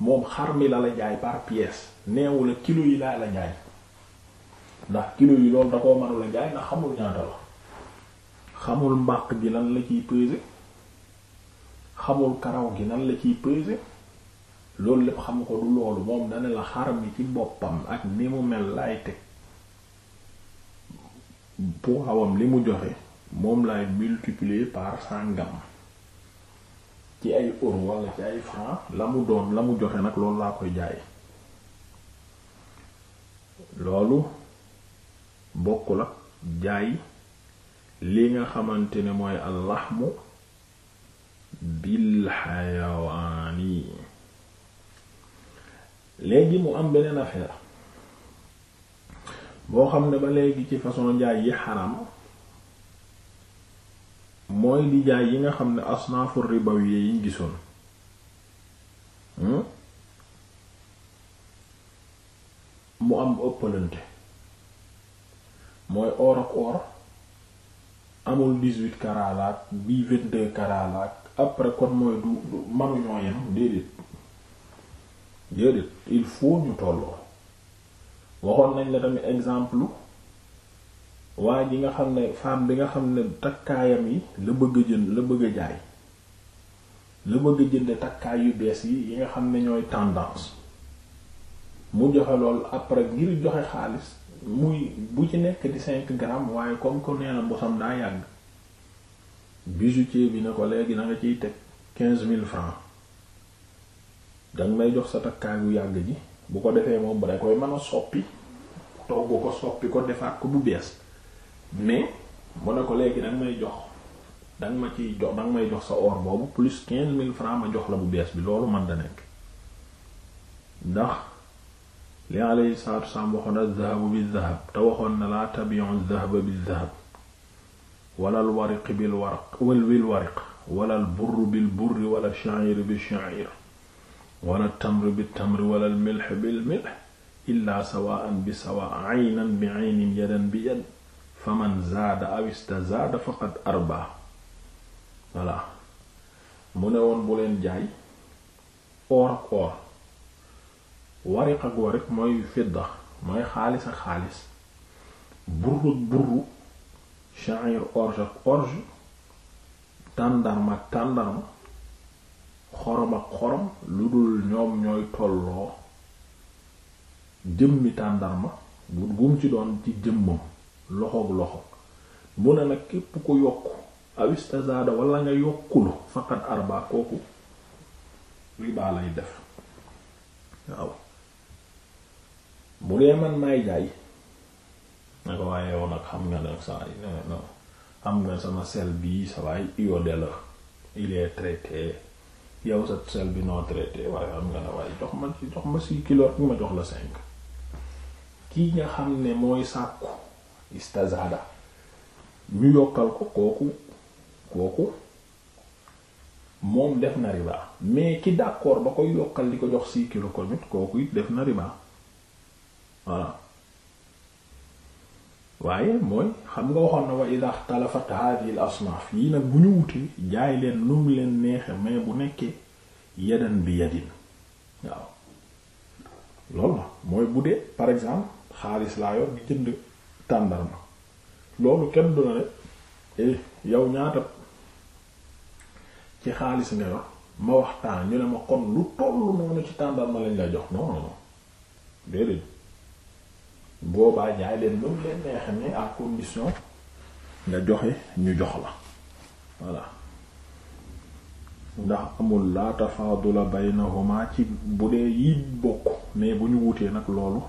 moom xar mi la la jaay par pièce neewu la kilo yi laa la jaay ndax kilo yi loolu da koo mënula jaay ndax xamul ñaata la xamul mbàq gi lan la ciy peser xamul karaw gi nan la ciy peser loolu lépp xam ko du loolu moom dana la xar mi ci boppam ak ni mu mel laay teg poids am li mu joxe moom laay multiplier par sangam ci ay euro wala ci ay franc la mu doom la mu joxe nag loolu laa koy jaay loolu bokk la jaay li nga xamante ne mooy allaxmu bil xayawaani léegi mu am beneen affaire boo xam ne ba léegi ci façon njaay yi xaram mooy di yi nga xam ne asnaafu ribawiya yiñ gisoon hmm? mu am ëppalante mooy or ak or amul dix-huit bi laak bii vingt-deux carats laak après kon mooy du manuñoo yem déedéet déedéet il faut ñu tolloo waxoon nañ la tamit exemple waa ji nga xam ne femme bi nga xam ne takkaayam yi la bëgg a jënd la bëgg jaay la bëgg a jënd takkaay yu bees yi yi nga xam ne ñooy tendance mu joxe lool après ngir joxe xaalis muy bu ci nekk di cinq grammes waaye comme que nee na bosam daa yàgg bijoutier bi ne ko léegi na nga ciy teg quinze mille francs danga may jox sa takkaay bu yàgg ji bu ko defee moom ba koy mën a soppi togg ko soppi ko defaat ko bu bees mais mu ne ko léegi danga may jox ma ciy jox danga may jox sa or boobu plus mille francs ma jox la bu bees bi loolu man da nekk ndax li alayhi salaatu wasalaam waxoon az-zahabu biz-zahab te waxoon na laa tabi'u az-zahaba biz-zahab wala al-wariq bil-waraq wal bil-wariq wala al-burr bil-burr wala ash-sha'ir bish-sha'ir wala at-tamr bit-tamr wala al-milh bil-milh illa sawa'an bi sawa' 'aynan bi 'aynin yadan bi yad faman zaada aw istazaada faqad arba voilà mu ne woon bu leen jaay or ak or wariq ak mooy fidda mooy xaalis ak xaalis burru ak burru sha'ir orge ak orge tàndarma tàndarma xorom ak xorom lu dul ñoom ñooy tolloo jëmmi tàndarma bu gum ci doon ci jëmmam loxoog loxo mu ne nag képp ko yokk awistazaada wala nga yokkulu faqat arba kooku riba lay def waaw bu dee man may jaay ne waaye yow nag xam nga nag saa yi sama sel bi sa waay iodé la il est traité yow sa sel bi noo traité waaye xam nga ne waaye jox ma ci jox ma si kilo bi ma jox la cinq kii nga xam ne mooy sàkku istazada ñu yokkal ko kooku kooku moom def na riba mais ki d'accord ba koy yokkal di ko jox six kooku it def na riba voilà waaye mooy xam nga waxoon na wa ida xtalafat hadhihi al asnaf yi nag bu ñu wutee jaay leen lum leen neexe mais bu nekkee yadan bi yadin waaw loolu la mooy bu par exemple xaalis laa yor jënd tàndarma loolu kenn du na ne eh, yow ñaata ci xaalis nga yor ma waxtaan ñu ne ma kon lu tollu noonu ci tàndarma lañ la jox non jaay leen loolu leen joxe ñu jox la voilà ndax amul la tafaadula baynahuma ci bu dee yi bokk mais bu ñu wutee nag loolu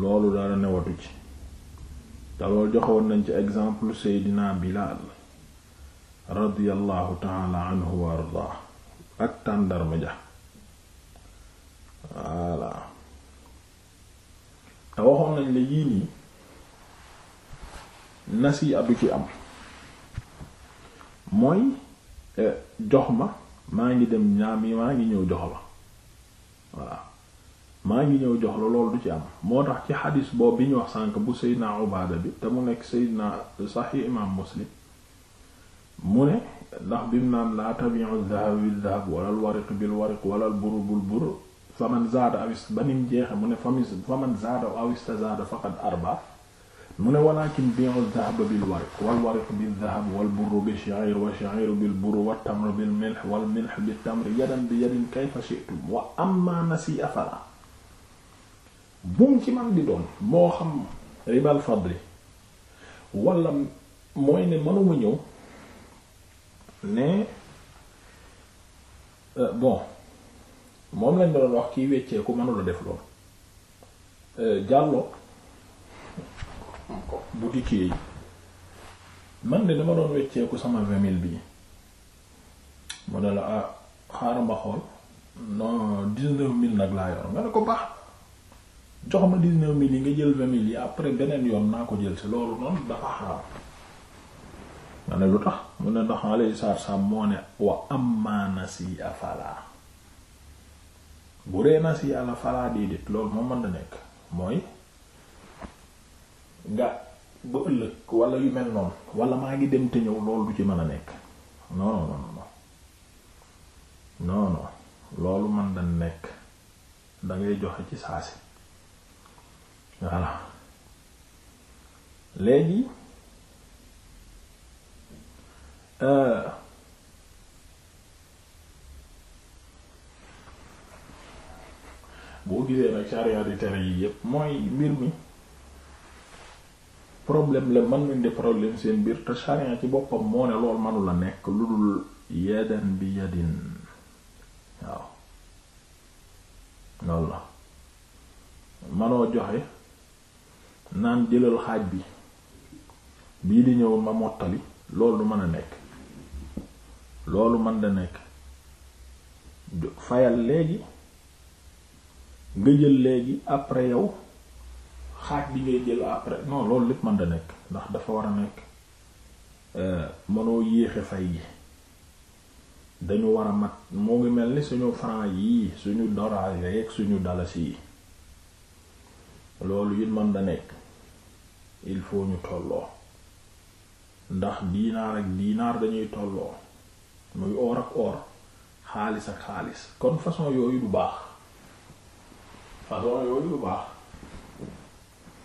loolu dara newatu ci te joxoon nañ ci exemple Seydina Bilaal radiyallahu taala anhu wa ardaa ak tàndarma ja voilà te waxoon nañ la yii nii nasi adu ci am mooy eh, jox ma maa ngi dem ñaami maa ngi ñëw jox la voilà maa ngi ñëw jox la loolu du ci am moo tax ci xadis boobu bi ñu wax sànk bu Seydina Ubaada bi te mu nekk Seydina Sahih imaam Muslim mu ne ndax bim naan laa tabi'u dhahab bil dhahab wala al wariq bil wariq wala al bur bil bur faman zaada awis ba mu ne famis faman zaada awista zaada faqad arba mu ne walakin bi'u dhahaba wal wariq bi dhahab wal burru bi shi'ir wa shi'iru bil burr wat tamru bil milh wal milh bit tamri yadan wa amma nasi'a fala bu ci man di doon moo xam ribal fadli wala mooy ne mënuma ñëw ne euh, bon moom lañ doon wax kiy wecceeku mënula def loolu jàlloo euh, bu dikkee yi man de dama doon wecceeku sama vingt mille bii mu ne la ah xaaral ma xool dix-neuf mille nag laa yor nga ne ko baax jox ma dix-neuf yi nga jël vingt mille yi après beneen yoon naa ko jël si loolu noonu dafa xaraam ma ne lu tax mu ne ndax alayhi salaatu salaam moo ne wa amma nasiya falaa bu dee nasiya la falaa mën na nekk mooy nga wala yu mel noonu wala maa ngi dem te ñëw loolu ci mën a nekk non non loolu mën na nekk da ngay joxe ci saa si voilà léegi euh, boo gisee nag charia di tere yi yépp mooy mbir mi problème la mën nañ de problème seen biir te charia ci boppam moo ne lool mënu nekk lu dul yadan bi yadin waaw loolu manoo joxe naan jëlal xaaj bi bii di ñëw ma mottali loolu mën a nekk loolu mën da nekk fayal léegi nga jël léegi après yow xaaj bi ngay jël après non loolu lépp mën da nekk ndax dafa war a nekk euh, mënoo yéexe fay gi dañu war a mat moo ngi mel ni suñu franc yii suñu dollars yeeg suñu dalasi yi loolu it mën da nekk il faut ñu tolloo ndax diinaar ak diinaar dañuy tolloo muy or ak or xaalis ak xaalis kon façon yooyu du baax façon yooyu du baax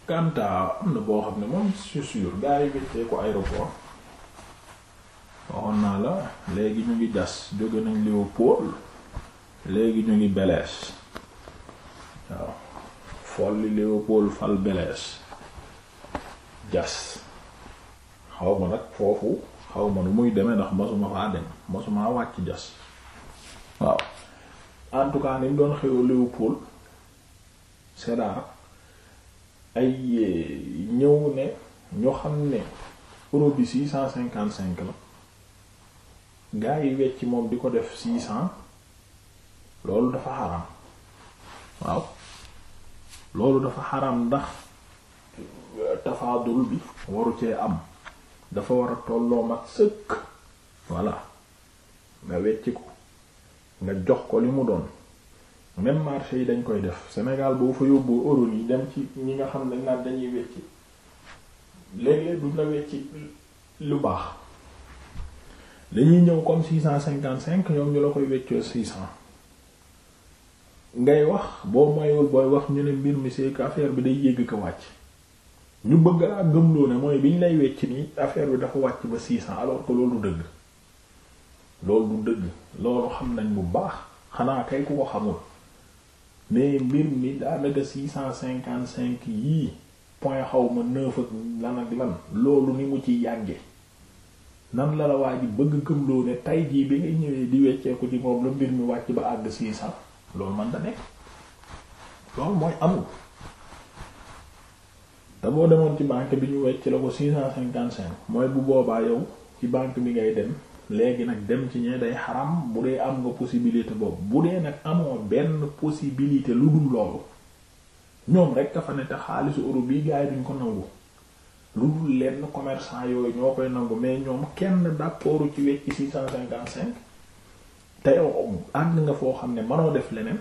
kanta am na boo xam ne moom c'est sûr gars yi wéccee ko aéroport waxoon naa la léegi ñu ngi das jóge nañ Léopold léegi ñu ngi Belees waaw folli Léopold fal Belees jas xaw ma nag foofu xaw ma nu muy demee ndax masuma faa dem masuma wàcc jas waaw en tout cas ni mu doon xew Léopold Sédar ay ñëw ne ñoo xam ne euro bi cent cinquante cinq la gaa yi wecc moom di ko def six cent loolu dafa xaram waaw loolu dafa xaram ndax tafaadul bi waru cee am dafa war a tolloo mat sëkk voilà nga wecci ko nga jox ko li mu doon même marché yi dañ koy def Sénégal boo fa yóbbu euro yi dem ci ñi nga xam ne naan dañuy wecci léeg-léeg duñ la wecci lu baax lañuy ñëw comme six cent cinquante cinq ñoom ñu la koy weccoo six cent ngay wax boo moywul booy wax ñu ne mbir mi c'est que bi day yégg ko wàcc ñu bëgg ak gëmloo ne mooy biñ lay wecc nii affaire bi dafa wàcc ba 600 alors que loolu dëgg loolu du dëgg loolu xam nañ bu baax xanaa kay ku ko xamul mais mbir mi daanaka cinq yii point xaw ma neuf ak lan loolu ni mu ci yàgge nan la la waa ji bëgg gëmloo ne tay jii bi nga ñëwee di wecceeku ci moom la mbir mi wàcc ba àgg 600 loolu man la nekk loolu mooy amul. te boo demoon ci banque bi ñu wecc la ko six cent cinquante cinq mooy bu boobaa yow ci banque bi ngay dem léegi nag dem ci ñee day xaram bu dee am nga possibilité boobu bu dee nag amoo benn possibilité lu dul loolu ñoom rek dafa ne te xaalisu euro bi gars yi duñ ko nangu lu dul lenn commerçant yooyu ñoo koy nangu mais ñoom kenn d'accord ci wecc six cent cinquante cinq te yow àgg nga foo xam ne manoo def leneen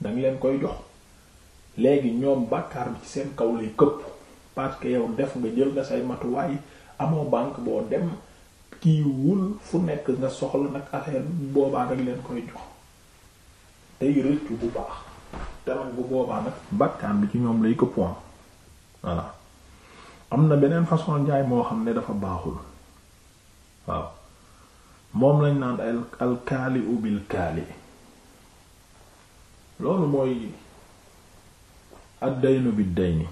danga leen koy jox léegi ñoom bàkkaar bi ci seen kaw lay këpp parce que yow def nga jël nga say matuwaay amoo banque boo dem kii wul fu nekk nga soxla nag affaire boobaa nag leen koy jox tey rëccu bu baax tamit bu boobaa nag bàkkaar bi ci ñoom lay këppoon voilà am na beneen façon njaay moo xam ne dafa baaxul waaw moom lañ naan al kaali ubil kaali loolu mooy addaynu bi dayni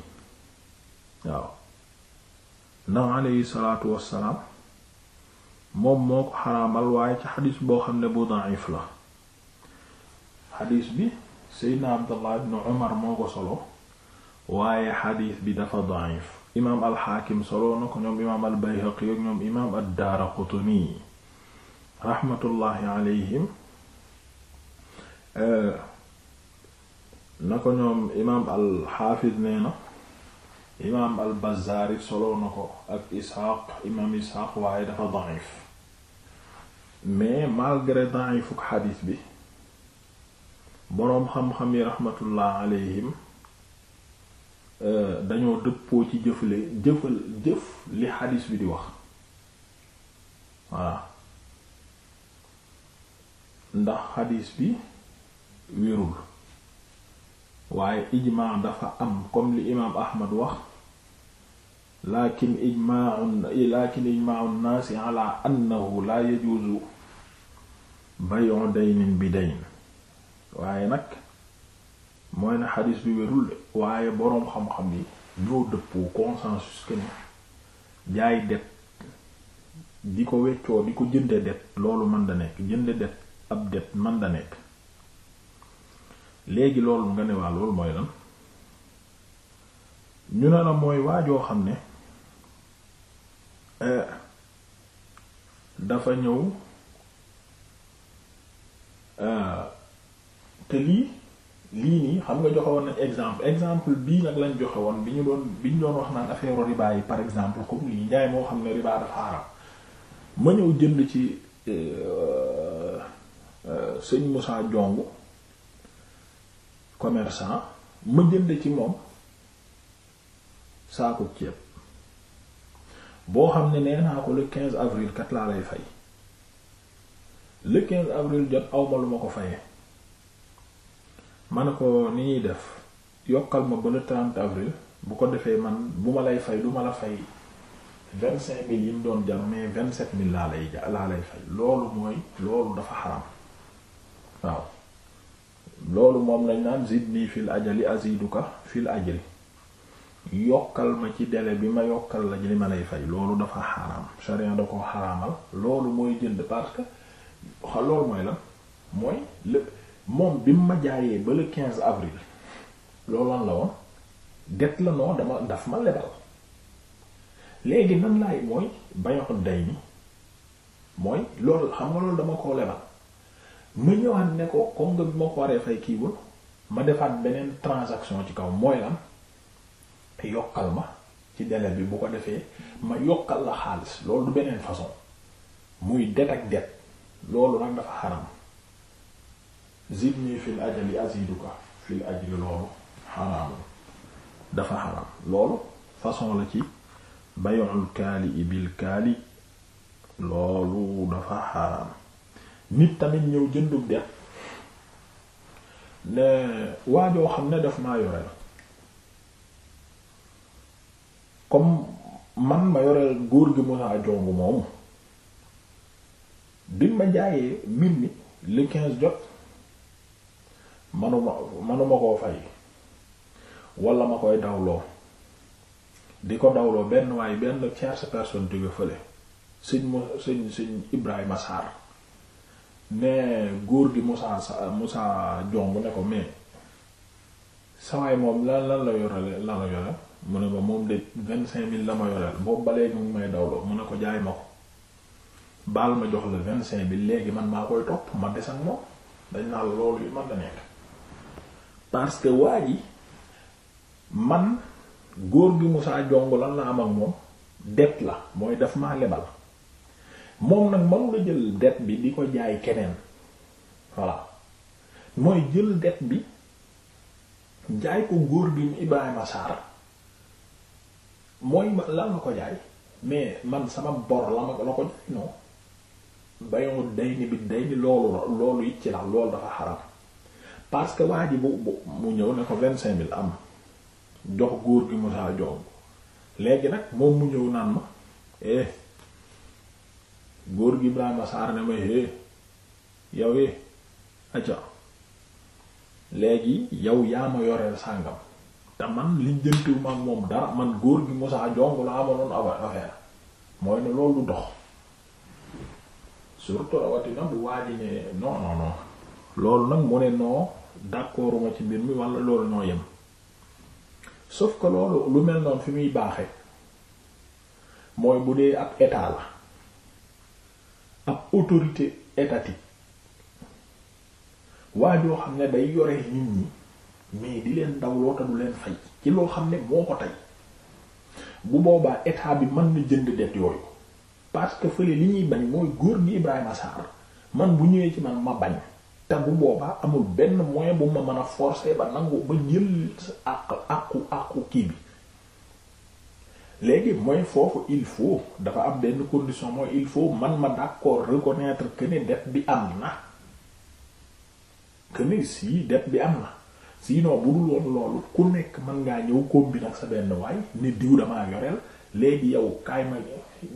waaw ndax aleyhi salaatu wassalaam moom moo ko xaraamal waaye ci xadis boo xam ne bu da'if la xadis bi seydna abdullah ibn umar moo ko solo waaye xadis bi dafa da'if imaam alxaakim solo na ko ñoom imaam albayhaqi ak ñoom imaam addaaraqutni raxmatullaahi aleyhim na ko ñoom imaam alxaafid nee na imaam al bazaari soloo ko ak isxaaq imaam isxaaq waaye dafa daif mais malgré daifuk xadiis bi boroom xam-xam yi raxmatullah alayhim euh, dañoo dëppoo ci jëfle jëfal jëf li xadiis bi di wax voilà ndax xadiis bi wérul waaye ijmaa dafa am comme li imaam ahmad wax lakin ijmaau lakin ijmaau nnaasi ala annahu laa yajuuzu bayu daynin bi dayn waaye nag mooy ne xadis bi wérul waaye boroom xam-xam yi ñoo dëppoo consensus que ne jaay det di ko weccoo di ko jënde det loolu mën da nekk jënde det ab det mën da nekk léegi loolu nga ne waa loolu mooy lan ñu ne la mooy waajoo xam ne euh, dafa ñëw euh, te lii lii nii xam nga joxe woon nañ exemple exemple bii nag lañ joxe woon bi ñu doon bi ñu doon wax naan affaire riba yi par exemple comme lii njaay moo xam ne riba dafa haram ma ñëw jënd ci euh, sëñ Moussa Diongo commerçant ma jënd ci moom saako ceeb boo xam ne nee naa ko le 15 avril kat laa lay fay le 15 avril jot awma lu ma ko fayee man ne ko ni ñuy def yokkal ma ba le 30 avril bu ko defee man bu ma lay fay du ma la fay vingt cinq mille yi mu doon jar mais vingt sept mille laa lay ja laa lay fay loolu mooy loolu dafa xaram waaw loolu moom lañ naan zidni fil ajali aziduka fil ajri yokkal ma ci dele bi ma yokkal la li ma lay fay loolu dafa xaraam sharia da ko xaraamal loolu mooy jënd parce que loolu mooy lan mooy lépp moom bi mu ma jaayee ba le avril loolu la woon det la noo dama daf ma lebal léegi nan laay mooy bayoon day ni mooy loolu xam loolu dama koo lebal ma ñëwaat ne ko comme nga bi ma ko waree fay kiiwul ma defaat beneen transaction ci kaw mooy lan te yokkal ma ci délai bi bu ko defee ma yokkal la xaalis loolu du beneen façon muy det ak det loolu nag dafa xaram zidni fil ajali aziduka fil ajli loolu xaraam dafa xaram loolu façon la ci bay'ul kaali bil kaali loolu dafa xaram nit tamit ñëw jëndum der ne waajoo xam ne daf maa yoreel comme man ma yoreel góor gi mu naa moomu bi ma jaayee mbir mi le quinze jot manuma manuma koo fay wala ma koy dawloo di ko dawloo benn waaye benn tierce personne jóge fële sëñ mo sëñ sëñ Ibrahima Sarr mais góor gi Moussa sa Moussa Diong ne ko mais sawaay moom lan lan la yorale lan la yorale mu ne ma moom de vingt cinq mille la ma yorale boobu balee léegi mu may dawloo mu ne ko jaay ma ko baal ma jox la vingt cinq mille léegi man maa koy topp ma des ak moom dañ naa la loolu yi man la nekk parce que waa ji man góor gi musaa Diong lan la am ak moom det la mooy def maa lebal moom nag mën nga jël det bi di ko jaay keneen voilà mooy jël det bi jaay ko góor gi ñu Ibrahima Sarr mooy lan la ko jaay mais man sama bor la ma la ko jaay non bayoon day ni bi day ni loolu loolu it ci la loolu dafa xaram parce que waa ji bu bu mu ñëw ne ko vingt cinq mille am jox góor gi mu saa jox léegi nag moom mu ñëw naan ma eh góor gi Ibrahima Sarr ne ma hé yow eh, acca léegi yow yaa ma yoreel sàngam te man liñ jëntu ma moom dara man góor gi Moussa jong la amaloon affaire mooy ne loolu dox surtout rawatina bu waaji ne non loolu nag mu ne non d'accord ci mbir mi walla loolu noo yem sauf que loolu lu mel noonu fi muy baaxe mooy bu dee ab état la ab autorité étatique waa joo xam ne day yore nit ñi mais di leen ndaw loo du leen fay ci loo xam ne moo ko tey bu boobaa état bi man na jënd det yooyu parce que fële li ñuy bañ mooy góor gi Ibrahima Sarr man bu ñëwee ci man ma bañ te bu boobaa amul benn moyen bu ma mën a forcer ba nangu ba jël àqu àqu àqu kii bi léegi mooy foofu il faut dafa am benn condition mooy il faut man ma d'accord reconnaître que ni dette bi am na que ni si dette bi am na sinon bu dul woon loolu ku nekk mën ngaa ñëw kombi nag sa benn waay ni diw damaa yoreel léegi yow kaay ma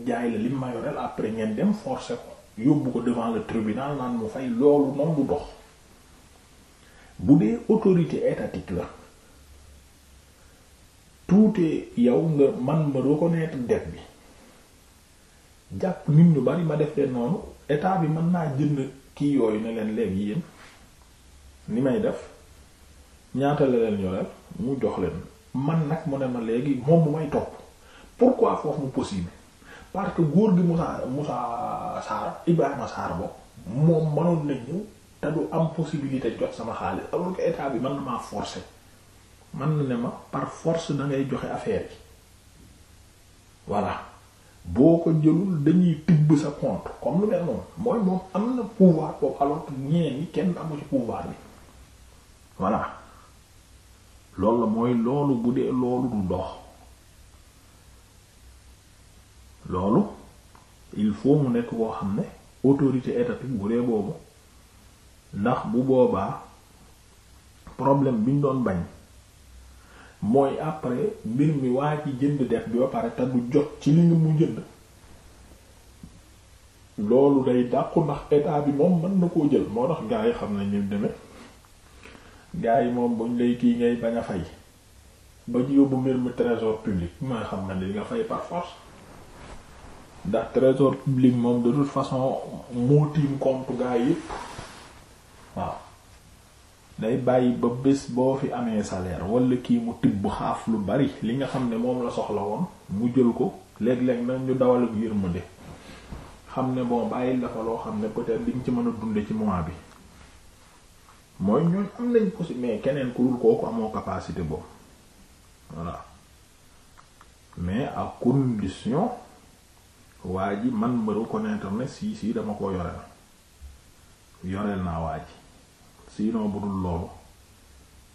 jaay la lim ma yoreel après ngeen dem forcer ko yóbbu ko devant le tribunal naan mu fay loolu noonu dox bu dee autorité étatique la tuutee yow nga man ma reconnaître def bi jàpp nit ñu bari ma def leen noonu état bi mën naa jënd kii yooyu ne leen léegi yéen ni may def ñaata la leen yoreel mu jox leen man nag mu ne ma léegi moom mu may topp pourquoi foofu mu possible parce que góor gi Moussa Moussa Sarr Ibrahima Sarr bokk moom mënoon na te du am possibilité jot sama xaalis alors que état bi mën maa forcer. man na ne ma par force da joxe affaire yi voilà boo ko jëlul dañuy tibb sa compte comme lu mel noonu mooy moom am na pouvoir boobu alors que ñeneen ñi kenn amu ci pouvoir bi voilà loolu la mooy loolu bu dee loolu du dox loolu il faut mu nekk koo xam ne autorité étatique bu dee boobu ndax bu boobaa problème bi ñu doon bañ mooy après mbir mi waa ci jënd def bi ba pare te du jot ci li nga mu jënd loolu day dàqu ndax état bi moom mën na koo jël moo tax gaa yi xam nañ ñu demee gaa yi moom buñ lay kii ngay bañ a fay ba ñu yóbbu mbir mi trésor public xam na li nga fay par force ndax trésor public moom de toute façon moo tiim gaa yi yépp waaw. day bàyyi ba bés boo fi amee salaire wala kii mu tibb xaaf lu bari li nga xam ne moom la soxla woon mu jël ko léeg-léeg nag ñu dawal ak de xam ne boo bàyyi la loo xam ne peut-être diñ ci mën a dunde ci mois bi mooy am nañ ko ci mais keneen ku dul kooku amoo capacité boobu voilà mais à condition waa ji man ma reconnaître ne si si dama ko yoreel yoreel naa waa ji sinon bu dul loolu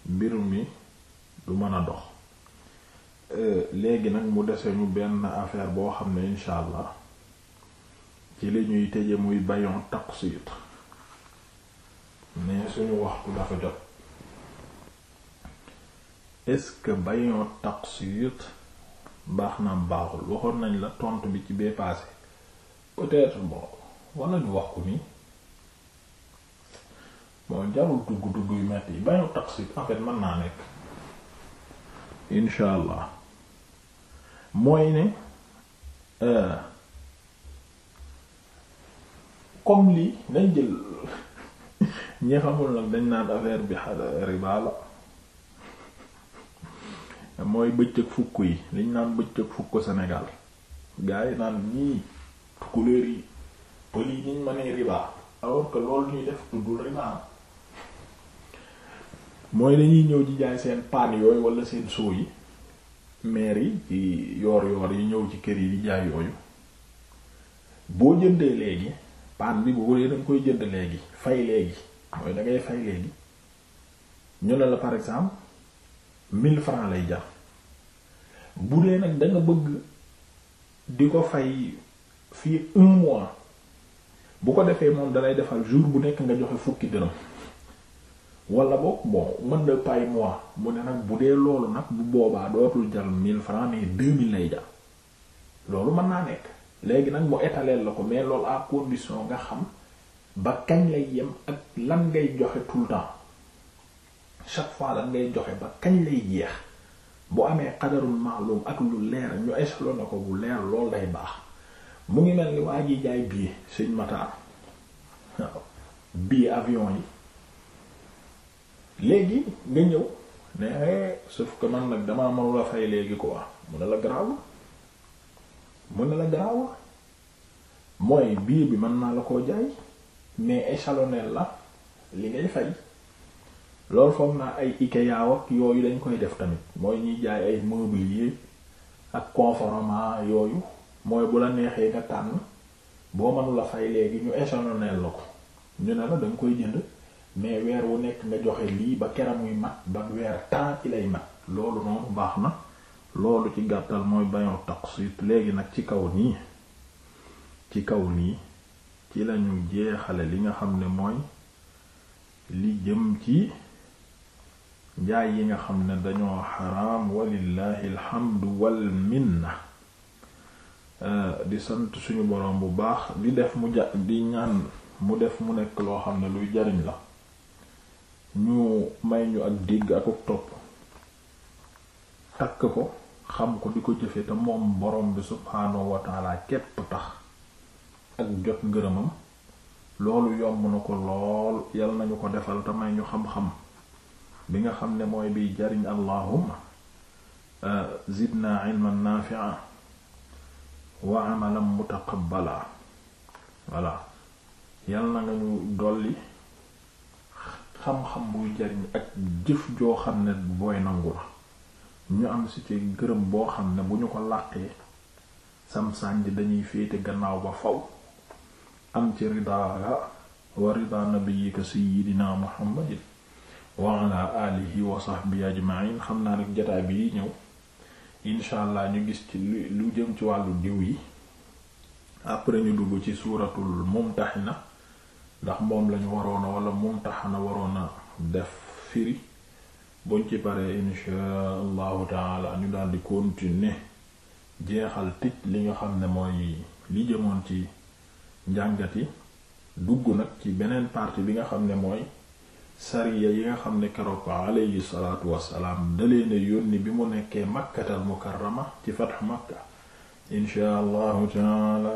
mbir mi du mën a dox euh, léegi nag mu dese ñu benn affaire boo xam ne incha allah ci li ñuy tëje muy bayon taqsiit mais suñu waxtu dafa jot est-ce que bayon taqsiit baax na baaxul waxoon nañ la tontu bi ci bee passé peut-être bon war wax ko nii bon jarul dugg dugg yu metti yi bañu taxit en fait mën naa nekk incha mooy ne euh, comme lii nañ jël ñi xamul nag dañ naan affaire bi riba la mooy bëccëg fukk yi liñ naan bëccëg fukk Sénégal gars naan ñii couleur yi pël yi niñ ma nee riba alors que loolu ñuy def tuddul riba mooy dañuy ñëw di jaay seen paan yooyu wala seen soo yi maire yi ci yoor yoor yi ñëw ci kër yi di jaay yooyu boo jëndee léegi paan bi boo dee danga koy jënd léegi fay léegi mooy da ngay fay léegi ñu ne la par exemple 1000 francs lay jar bu dee nag da bëgg di ko fay fii un mois bu ko defee moom dalay defal jour bu nekk nga joxe fukki dërëm wala boog bon mën na pay mois mu ne nag bu dee loolu nag bu boobaa dootul jar mille francs mais deux mille lay jar loolu mën naa nekk léegi nag mu étaler la ko mais loolu à condition nga xam ba kañ lay yem ak lan ngay joxe tout le temps chaque fois lan ngay joxe ba kañ lay jeex bu amee xadarul maalum ak lu leer ñu échelonné ko bu leer loolu day baax mu ngi mel ni waa ji jaay billet sëñ Matar waaw billet avion yi. léegi nga ñëw ne sauf ko man nag damaa mënula fay léegi ko quoi mu ne la garaawul mu ne la garaawul mooy biir bi mën naa la koo jaay mais échelonner la li ngay fay loolu foog naa ay IKEA ak yooyu dañ koy def tamit mooy ñuy jaay ay mobilier ak Conforama yooyu mooy bu la neexee nga tànn boo mënula fay léegi ñu échelonner la ko ñu ne la danga koy jënd mais weer wu nekk nga joxe lii ba kera muy mat ba weer temps ci lay mat loolu noonu baax na loolu ci gàttal mooy bayon taqsit léegi nag ci kaw nii ci kaw nii ci lañu jeexale li nga xam ne mooy li jëm ci njaay yi nga xam ne dañoo xaraam walillahi alhamdu wal minna euh, di sant suñu borom bu baax di def mu ja di ñaan mu def mu nekk loo xam ne luy jariñ la ñu may ñu ak dégg akuk topp takk ko xam ko di ko jëfe te moom borom bi subhaanahu wa taala képp tax ak jot ngërëmam loolu yomb na ko lool yal nañu ko defal te may ñu xam-xam bi nga xam ne mooy biy jariñ allahumma zidna ilman nafi'a wa amalan mutaqabbala voilà yal na nga ñu dolli xam-xam buy jariñ ak jëf joo xam ne booy nangu la ñu am si ci gërëm boo xam ne bu ñu ko làqee sam sànj dañuy féete gannaaw ba faw am ci ridaa si ridaa nabiyyika sayyidina muhammadin wa ala alihi wa sahbihi ajma'in xam naa nag jotaay bi ñëw incha ñu gis ci lu jëm ci wàllu diw yi après ñu dugg ci suuratul mumtahina ndax moom lañu waroona wala mumtaxana waroona def firi buñ ci paree insha allahu taala ñu di continuer jeexal tij li nga xam ne mooy li jëmoon ci njàngat yi dugg nag ci beneen partie bi nga xam ne mooy sariya yi nga xam ne keroog alayhi salaatu wassalaam dalee ne yónni bi mu nekkee makkatal mukarrama ci fatx makka insha allahu taala